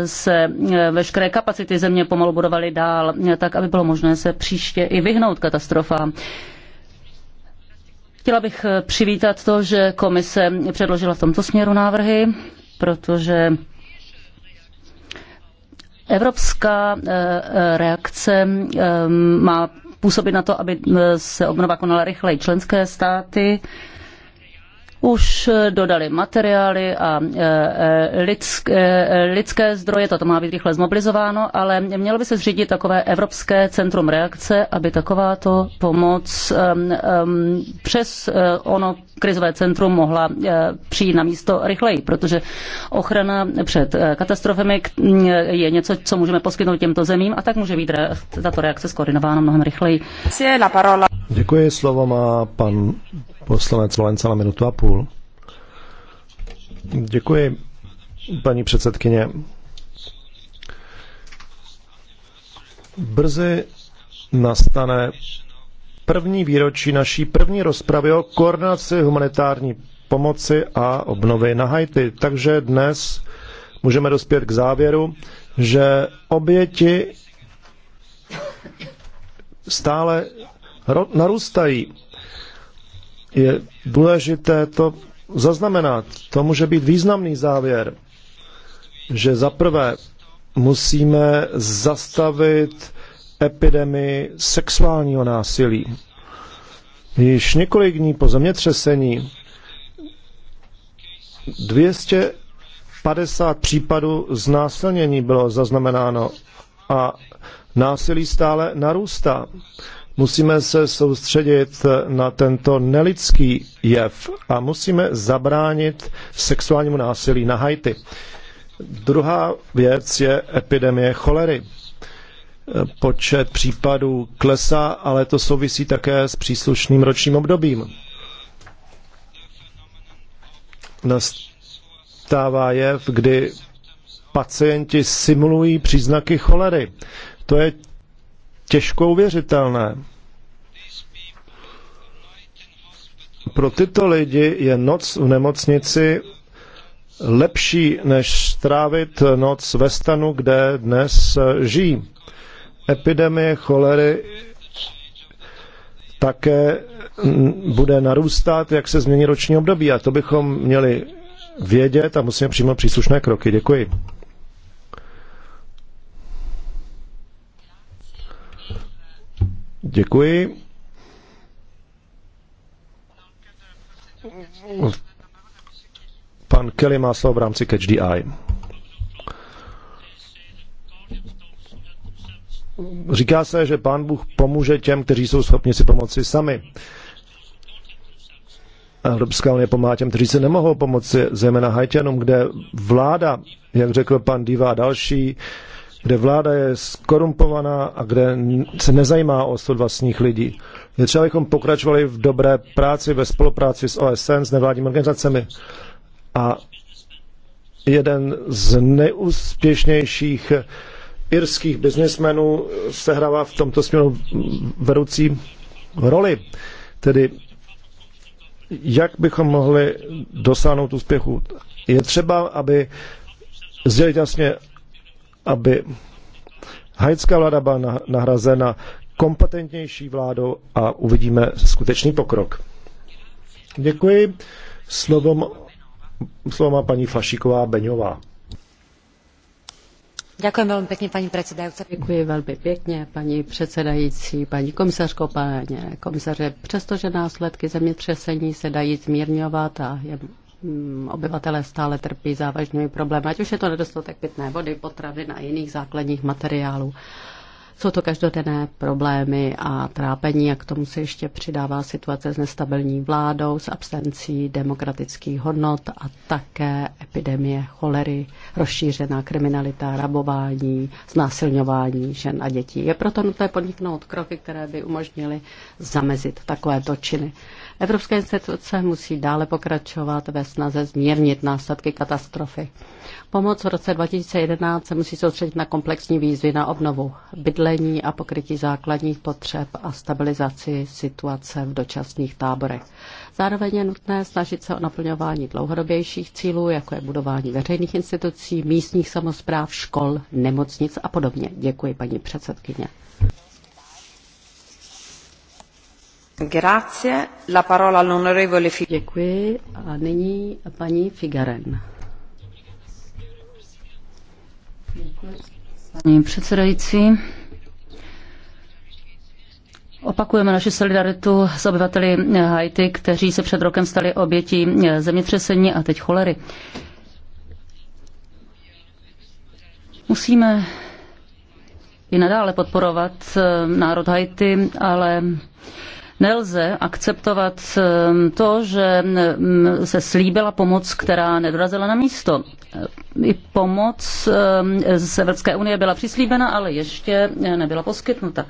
se eh, veškeré kapacity země pomalu budovaly dál, tak aby bylo možné se příště i vyhnout katastrofám. Chtěla bych eh, přivítat to, že komise předložila v tomto směru návrhy, protože evropská eh, reakce má působit na to, aby se obnova konala rychleji. Členské státy už eh, dodali materiály a eh, eh, lidské, lidské zdroje, toto má být rychle zmobilizováno, ale mělo by se zřídit takové Evropské centrum reakce, aby takováto pomoc přes ono krizové centrum mohla přijít na místo rychleji, protože ochrana před katastrofami mm, je něco, co můžeme poskytnout těmto zemím a tak může být tato reakce skoordinována mnohem rychleji. Děkuji, slovo má pan Poslanec Valenca na minutu a půl. Děkuji, paní předsedkyně. Brzy nastane první výročí naší první rozpravy o koordinaci humanitární pomoci a obnovy na Haiti. Takže dnes můžeme dospět k závěru, že oběti stále narůstají je důležité to zaznamenat. To může být významný závěr, že zaprvé musíme zastavit epidemii sexuálního násilí. Již několik dní po zemětřesení 250 případů znásilnění bylo zaznamenáno a násilí stále narůstá. Musíme se soustředit na tento nelidský jev a musíme zabránit sexuálnímu násilí na Haiti. Druhá věc je epidemie cholery. Počet případů klesá, ale to souvisí také s příslušným ročním obdobím. Nastává jev, kdy pacienti simulují příznaky cholery. To je těžko uvěřitelné. Pro tyto lidi je noc v nemocnici lepší, než strávit noc ve stanu, kde dnes žijí. Epidemie cholery také bude narůstat, jak se změní roční období. A to bychom měli vědět a musíme přijmout příslušné kroky. Děkuji. Děkuji. Pan Kelly má slovo v rámci Catch the Eye. Říká se, že pán Bůh pomůže těm, kteří jsou schopni si pomoci sami. Evropská unie pomáhá těm, kteří se nemohou pomoci, zejména Haitianům, kde vláda, jak řekl pan Diva a další, kde vláda je skorumpovaná a kde se nezajímá o osud vlastních lidí. Je třeba, abychom pokračovali v dobré práci, ve spolupráci s OSN, s nevládními organizacemi. A jeden z nejúspěšnějších irských biznismenů sehrává v tomto směru vedoucí roli. Tedy jak bychom mohli dosáhnout úspěchu? Je třeba, aby sdělit jasně aby haitská vláda byla nahrazena kompetentnější vládou a uvidíme skutečný pokrok. Děkuji. Slovom, slovo má paní Flašíková Beňová. Děkuji velmi pěkně, paní předsedající. Děkuji velmi pěkně, paní předsedající, paní komisařko, paní komisaře. Přestože následky zemětřesení se dají zmírňovat a je Mm, obyvatelé stále trpí závažnými problémy, ať už je to nedostatek pitné vody, potravin a jiných základních materiálů. Jsou to každodenné problémy a trápení a k tomu se ještě přidává situace s nestabilní vládou, s absencí demokratických hodnot a také epidemie cholery, rozšířená kriminalita, rabování, znásilňování žen a dětí. Je proto nutné podniknout kroky, které by umožnily zamezit takovéto činy. Evropské instituce musí dále pokračovat ve snaze zmírnit následky katastrofy. Pomoc v roce 2011 se musí soustředit na komplexní výzvy na obnovu bydlení a pokrytí základních potřeb a stabilizaci situace v dočasných táborech. Zároveň je nutné snažit se o naplňování dlouhodobějších cílů, jako je budování veřejných institucí, místních samozpráv, škol, nemocnic a podobně. Děkuji, paní předsedkyně. Grazie. La parola all'onorevole Děkuji. A nyní paní Figaren. Paní předsedající, Opakujeme naši solidaritu s obyvateli Haiti, kteří se před rokem stali obětí zemětřesení a teď cholery. Musíme i nadále podporovat národ Haiti, ale Nelze akceptovat ehm, to, že ehm, se slíbila pomoc, která nedorazila na místo. I pomoc ehm, z Evropské unie byla přislíbena, ale ještě nebyla poskytnuta.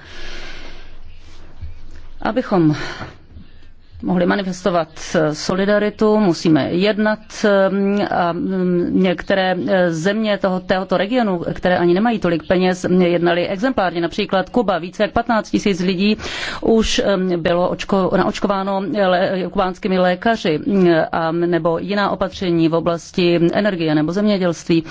Abychom mohli manifestovat eh, solidaritu, musíme jednat eh, a mm, některé eh, země toho, tohoto regionu, které ani nemají tolik peněz, jednali exemplárně. Například Kuba, více jak 15 tisíc lidí už bylo očko, naočkováno kubánskými lékaři a, nebo jiná opatření v oblasti energie nebo zemědělství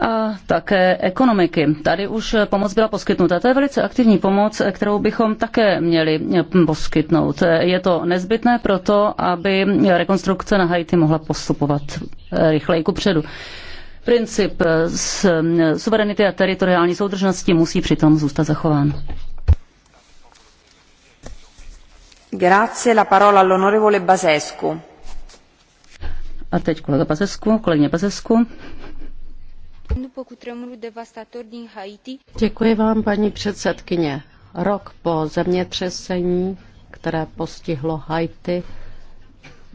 a také ekonomiky. Tady už pomoc byla poskytnuta. To je velice aktivní pomoc, kterou bychom také měli poskytnout. Je to nezbytné proto, aby rekonstrukce na Haiti mohla postupovat rychleji předu. Princip suverenity a teritoriální soudržnosti musí přitom zůstat zachován. Grazie, la parola all'onorevole Basescu. A teď kolega Basescu, kolegyně Basescu. Děkuji vám, paní předsedkyně. Rok po zemětřesení, které postihlo Haiti,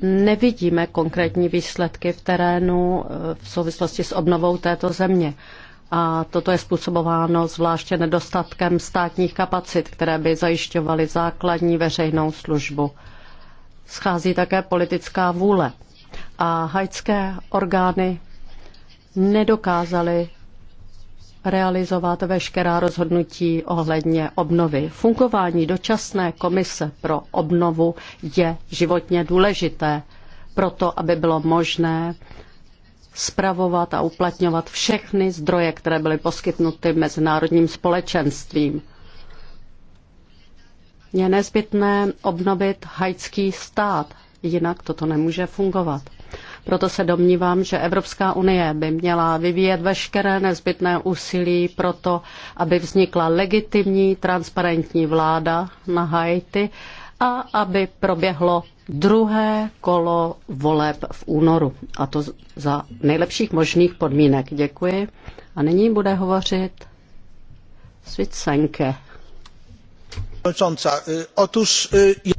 nevidíme konkrétní výsledky v terénu eh, v souvislosti s obnovou této země. A toto je způsobováno zvláště nedostatkem státních kapacit, které by zajišťovaly základní veřejnou službu. Schází také politická vůle. A haitské orgány nedokázali realizovat veškerá rozhodnutí ohledně obnovy. Fungování dočasné komise pro obnovu je životně důležité proto, aby bylo možné spravovat a uplatňovat všechny zdroje, které byly poskytnuty mezinárodním společenstvím. Je nezbytné obnovit haitský stát, jinak toto nemůže fungovat. Proto se domnívám, že Evropská unie by měla vyvíjet veškeré nezbytné úsilí pro to, aby vznikla legitimní, transparentní vláda na Haiti a aby proběhlo druhé kolo voleb v únoru. A to za nejlepších možných podmínek. Děkuji. A nyní bude hovořit Svicenke.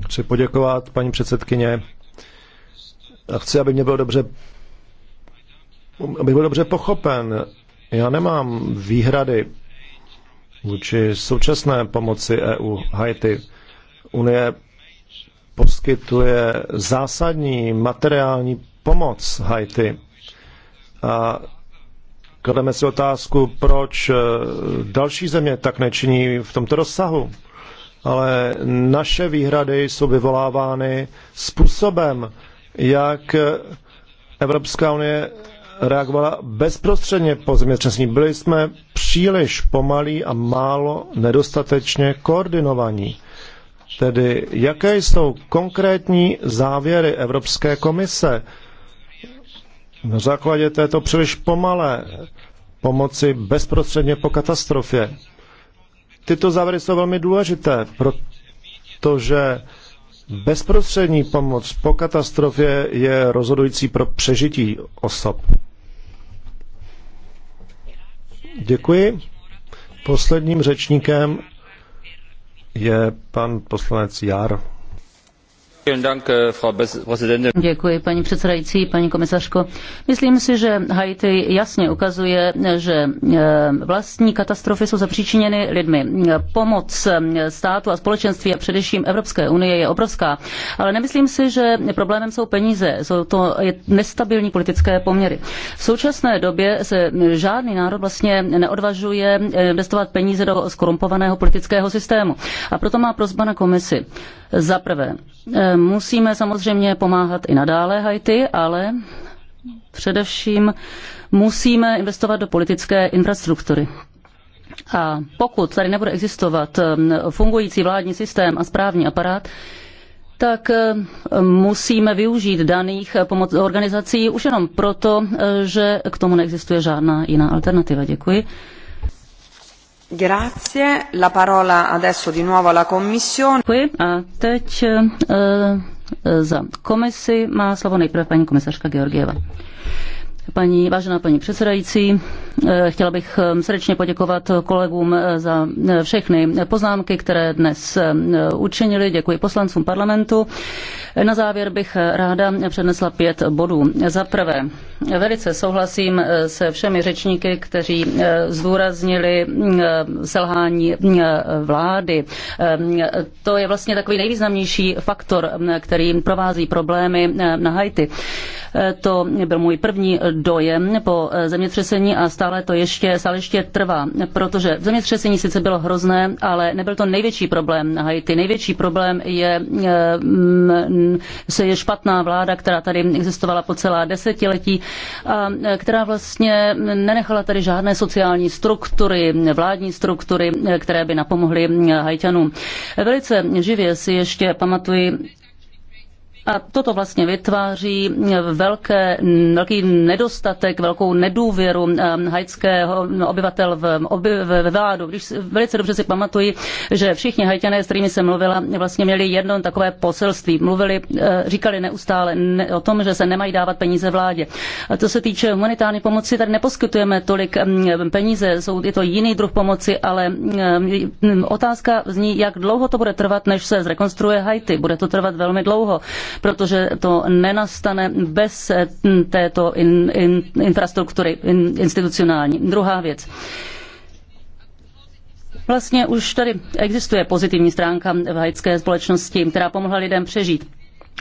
Chci poděkovat, paní předsedkyně. A chci, aby mě bylo dobře, aby byl dobře pochopen. Já nemám výhrady vůči současné pomoci EU Haiti. Unie poskytuje zásadní materiální pomoc Haiti. A klademe si otázku, proč eh, další země tak nečiní v tomto rozsahu. Ale naše výhrady jsou vyvolávány způsobem, jak Evropská unie reagovala bezprostředně po zemětřesení. Byli jsme příliš pomalí a málo nedostatečně koordinovaní. Tedy jaké jsou konkrétní závěry Evropské komise na základě této příliš pomalé pomoci bezprostředně po katastrofě? Tyto závěry jsou velmi důležité, protože Bezprostřední pomoc po katastrofě je rozhodující pro přežití osob. Děkuji. Posledním řečníkem je pan poslanec Jar. Äh, Děkuji, paní předsedající, paní komisařko. Myslím si, že Haiti jasně ukazuje, že e, vlastní katastrofy jsou zapříčiněny lidmi. Pomoc e, státu a společenství a především Evropské unie je obrovská, ale nemyslím si, že problémem jsou peníze, jsou to nestabilní politické poměry. V současné době se žádný národ vlastně neodvažuje e, investovat peníze do skorumpovaného politického systému. A proto má prozba na komisi za prvé, eh, musíme samozřejmě pomáhat i nadále Haiti, ale především musíme investovat do politické infrastruktury. A pokud tady nebude existovat eh, fungující vládní systém a správní aparát, tak eh, musíme využít daných pomoc organizací už jenom proto, že k tomu neexistuje žádná jiná alternativa. Děkuji. Grazie. La parola adesso di nuovo alla Commissione. Děkuji. A teď e, za komisi má slovo nejprve paní komisařka Georgieva. Paní, vážená paní předsedající, eh, chtěla bych eh, srdečně poděkovat kolegům eh, za všechny poznámky, které dnes učinili. Děkuji poslancům parlamentu. Na závěr bych ráda přednesla pět bodů. Za prvé, velice souhlasím se všemi řečníky, kteří zdůraznili mm, selhání mm, vlády. To je vlastně takový nejvýznamnější faktor, mm, který provází problémy na Haiti. To byl můj první dojem po zemětřesení a stále to ještě, stále ještě trvá, protože zemětřesení sice bylo hrozné, ale nebyl to největší problém na Haiti. Největší problém je, mm, je špatná vláda, která tady existovala po celá desetiletí, a která vlastně nenechala tady žádné sociální struktury, vládní struktury, které by napomohly Haitianům. Velice živě si ještě pamatuji a toto vlastně vytváří velké, velký nedostatek, velkou nedůvěru eh, haitského obyvatel v, oby, v vládu. Když velice dobře si pamatuji, že všichni haitiané s kterými jsem mluvila, vlastně měli jedno takové poselství. Mluvili, eh, říkali neustále o tom, že se nemají dávat peníze vládě. A to se týče humanitární pomoci, tady neposkytujeme tolik mm, peníze, jsou, je to jiný druh pomoci, ale mm, otázka zní, jak dlouho to bude trvat, než se zrekonstruuje Haiti. Bude to trvat velmi dlouho protože to nenastane bez eh, této in, in, infrastruktury in, institucionální. Druhá věc. Vlastně už tady existuje pozitivní stránka v haitské společnosti, která pomohla lidem přežít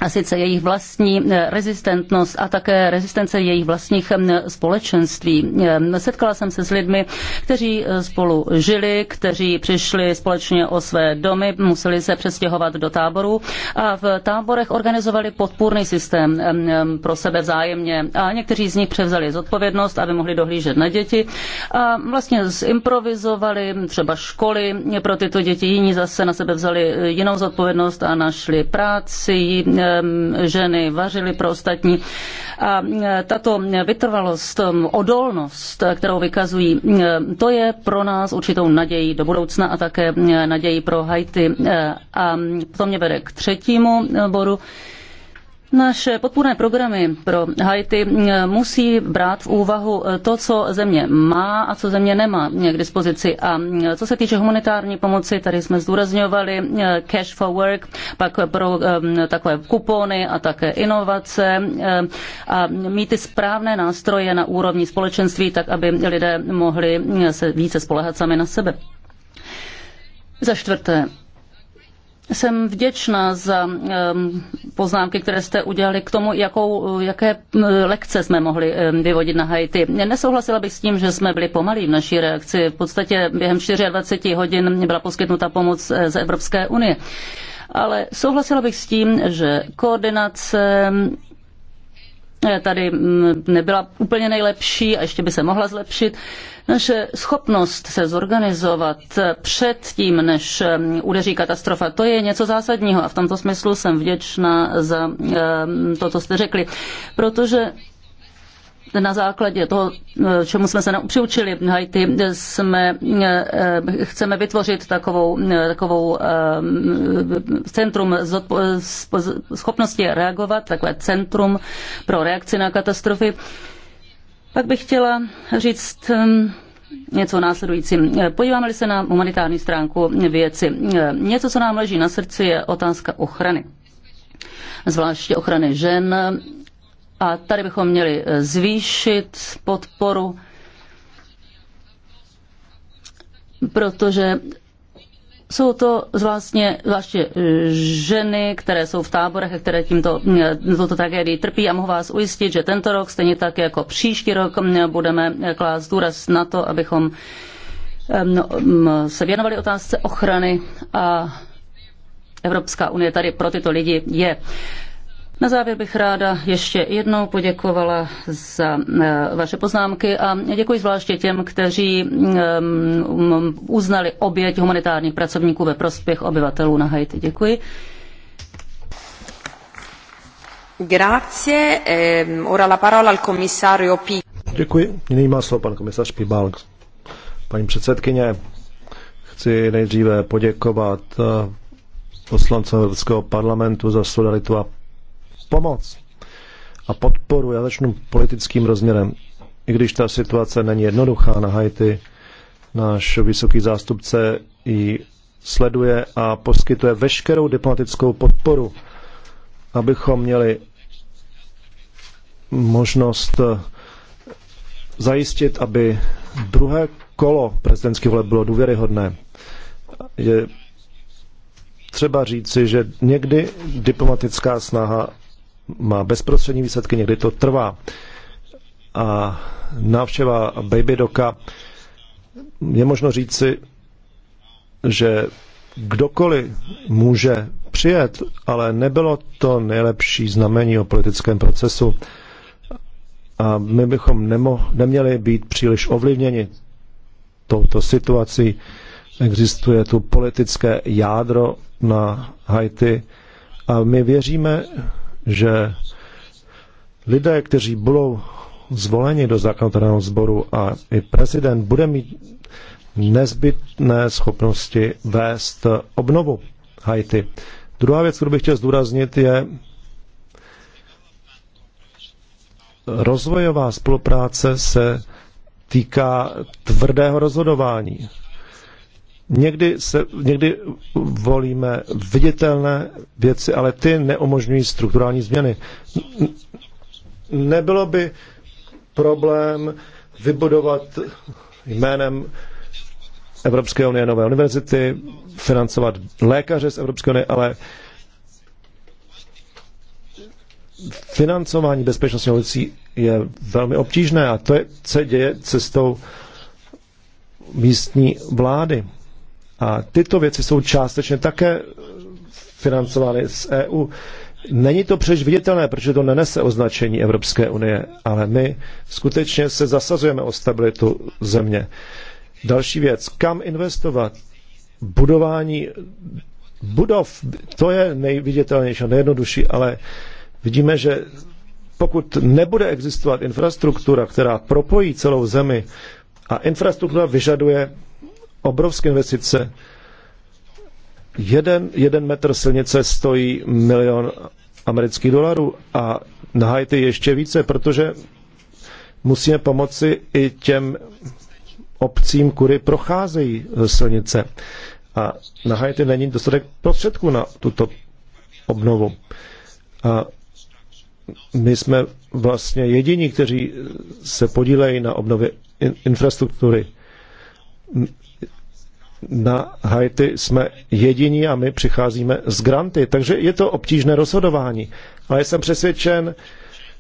a sice jejich vlastní eh, rezistentnost a také rezistence jejich vlastních eh, společenství. Eh, setkala jsem se s lidmi, kteří spolu žili, kteří přišli společně o své domy, museli se přestěhovat do táborů a v táborech organizovali podpůrný systém pro sebe vzájemně a někteří z nich převzali zodpovědnost, aby mohli dohlížet na děti a vlastně zimprovizovali třeba školy pro tyto děti, jiní zase na sebe vzali jinou zodpovědnost a našli práci, Ehm, ženy, vařily pro ostatní. A e, tato vytrvalost, odolnost, kterou vykazují, to je pro nás určitou naději do budoucna a také naději pro Haiti. E, a to mě vede k třetímu e, bodu. Naše podpůrné programy pro Haiti eh, musí brát v úvahu eh, to, co země má a co země nemá k dispozici. A eh, co se týče humanitární pomoci, tady jsme zdůrazňovali cash for work, pak pro takové kupony a také inovace a mít ty správné nástroje na úrovni společenství, tak aby lidé mohli se více spolehat sami na sebe. Za čtvrté, jsem vděčná za poznámky, které jste udělali k tomu, jakou, jaké lekce jsme mohli vyvodit na Haiti. Nesouhlasila bych s tím, že jsme byli pomalí v naší reakci. V podstatě během 24 hodin byla poskytnuta pomoc e, z Evropské unie. Ale souhlasila bych s tím, že koordinace e, tady nebyla úplně nejlepší a ještě by se mohla zlepšit. Naše schopnost se zorganizovat před tím, než eh, udeří katastrofa, to je něco zásadního a v tomto smyslu jsem vděčná za eh, to, co jste řekli, protože na základě toho, eh, čemu jsme se přiučili v Haiti, jsme, chceme vytvořit takovou, takovou centrum schopnosti reagovat, takové centrum pro reakci na katastrofy. Pak bych chtěla říct um, něco následujícím. Podíváme-li se na humanitární stránku věci. Něco, co nám leží na srdci, je otázka ochrany. Zvláště ochrany žen. A tady bychom měli zvýšit podporu, protože jsou to vlastně, zvláště e, ženy, které jsou v táborech a které tímto e, toto tragédii trpí a mohu vás ujistit, že tento rok, stejně tak jako příští rok, budeme klást důraz na to, abychom e, se věnovali otázce ochrany a Evropská unie tady pro tyto lidi je. Na závěr bych ráda ještě jednou poděkovala za eh, vaše poznámky a děkuji zvláště těm, kteří eh, um, uznali oběť humanitárních pracovníků ve prospěch obyvatelů na Haiti. Děkuji. Grazie. Ehm, ora la parola al commissario P. Děkuji. Nyní má slovo pan komisař Pibalk. Paní předsedkyně, chci nejdříve poděkovat eh, poslance Evropského parlamentu za solidaritu a pomoc a podporu. Já začnu politickým rozměrem. I když ta situace není jednoduchá na Haiti, náš vysoký zástupce ji sleduje a poskytuje veškerou diplomatickou podporu, abychom měli možnost zajistit, aby druhé kolo prezidentských voleb bylo důvěryhodné. Je třeba říci, že někdy diplomatická snaha má bezprostřední výsledky, někdy to trvá. A návštěva Baby Doka je možno říci, že kdokoliv může přijet, ale nebylo to nejlepší znamení o politickém procesu. A my bychom nemo, neměli být příliš ovlivněni touto situací. Existuje tu politické jádro na Haiti a my věříme, že lidé, kteří budou zvoleni do zákonodárného sboru a i prezident bude mít nezbytné schopnosti vést obnovu Haiti. Druhá věc, kterou bych chtěl zdůraznit, je rozvojová spolupráce se týká tvrdého rozhodování. Někdy, se, někdy volíme viditelné věci, ale ty neumožňují strukturální změny. Nebylo by problém vybudovat jménem Evropské unie nové univerzity, financovat lékaře z Evropské unie, ale financování bezpečnostní ulicí je velmi obtížné a to je, co děje cestou místní vlády. A tyto věci jsou částečně také financovány z EU. Není to přeč viditelné, protože to nenese označení Evropské unie, ale my skutečně se zasazujeme o stabilitu země. Další věc, kam investovat? Budování budov, to je nejviditelnější a nejjednodušší, ale vidíme, že pokud nebude existovat infrastruktura, která propojí celou zemi, a infrastruktura vyžaduje obrovské investice. Jeden, jeden metr silnice stojí milion amerických dolarů a na Haiti ještě více, protože musíme pomoci i těm obcím, kudy procházejí e, silnice. A na Haiti není dostatek prostředků na tuto obnovu. A my jsme vlastně jediní, kteří se podílejí na obnově infrastruktury na Haiti jsme jediní a my přicházíme z granty. Takže je to obtížné rozhodování. Ale jsem přesvědčen,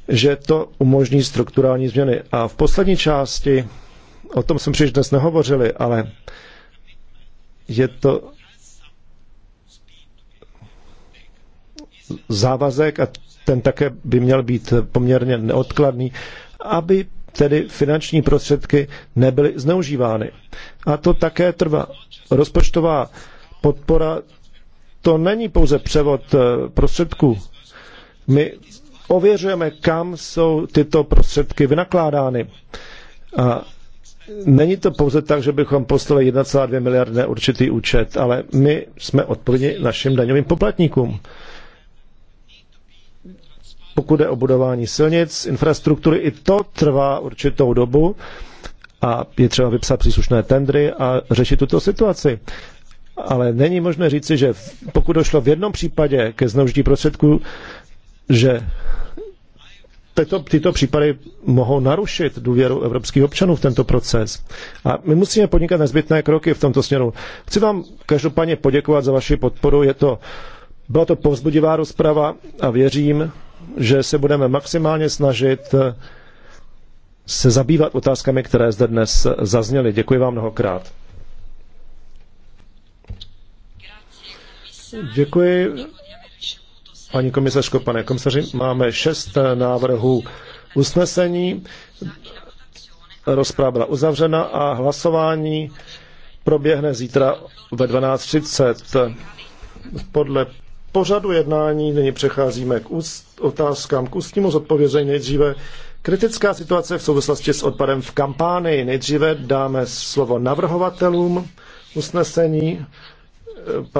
že to umožní strukturální změny. A v poslední části, o tom jsme příliš dnes nehovořili, ale je to závazek a ten také by měl být poměrně neodkladný, aby tedy finanční prostředky nebyly zneužívány. A to také trvá. Rozpočtová podpora to není pouze převod eh, prostředků. My ověřujeme, kam jsou tyto prostředky vynakládány. A není to pouze tak, že bychom poslali 1,2 miliardy na určitý účet, ale my jsme odpovědní našim daňovým poplatníkům pokud je o budování silnic, infrastruktury, i to trvá určitou dobu a je třeba vypsat příslušné tendry a řešit tuto situaci. Ale není možné říci, že pokud došlo v jednom případě ke zneužití prostředků, že tyto, tyto případy mohou narušit důvěru evropských občanů v tento proces. A my musíme podnikat nezbytné kroky v tomto směru. Chci vám každopádně poděkovat za vaši podporu. Je to, byla to povzbudivá rozprava a věřím, že se budeme maximálně snažit eh, se zabývat otázkami, které zde dnes eh, zazněly. Děkuji vám mnohokrát. Děkuji. Paní komisařko, pane komisaři, máme šest eh, návrhů usnesení. Rozpráva byla uzavřena a hlasování proběhne zítra ve 12.30 podle pořadu jednání. Nyní přecházíme k úst, otázkám k ústnímu zodpovězení. Nejdříve kritická situace v souvislosti s odpadem v kampánii. Nejdříve dáme slovo navrhovatelům usnesení. Eh,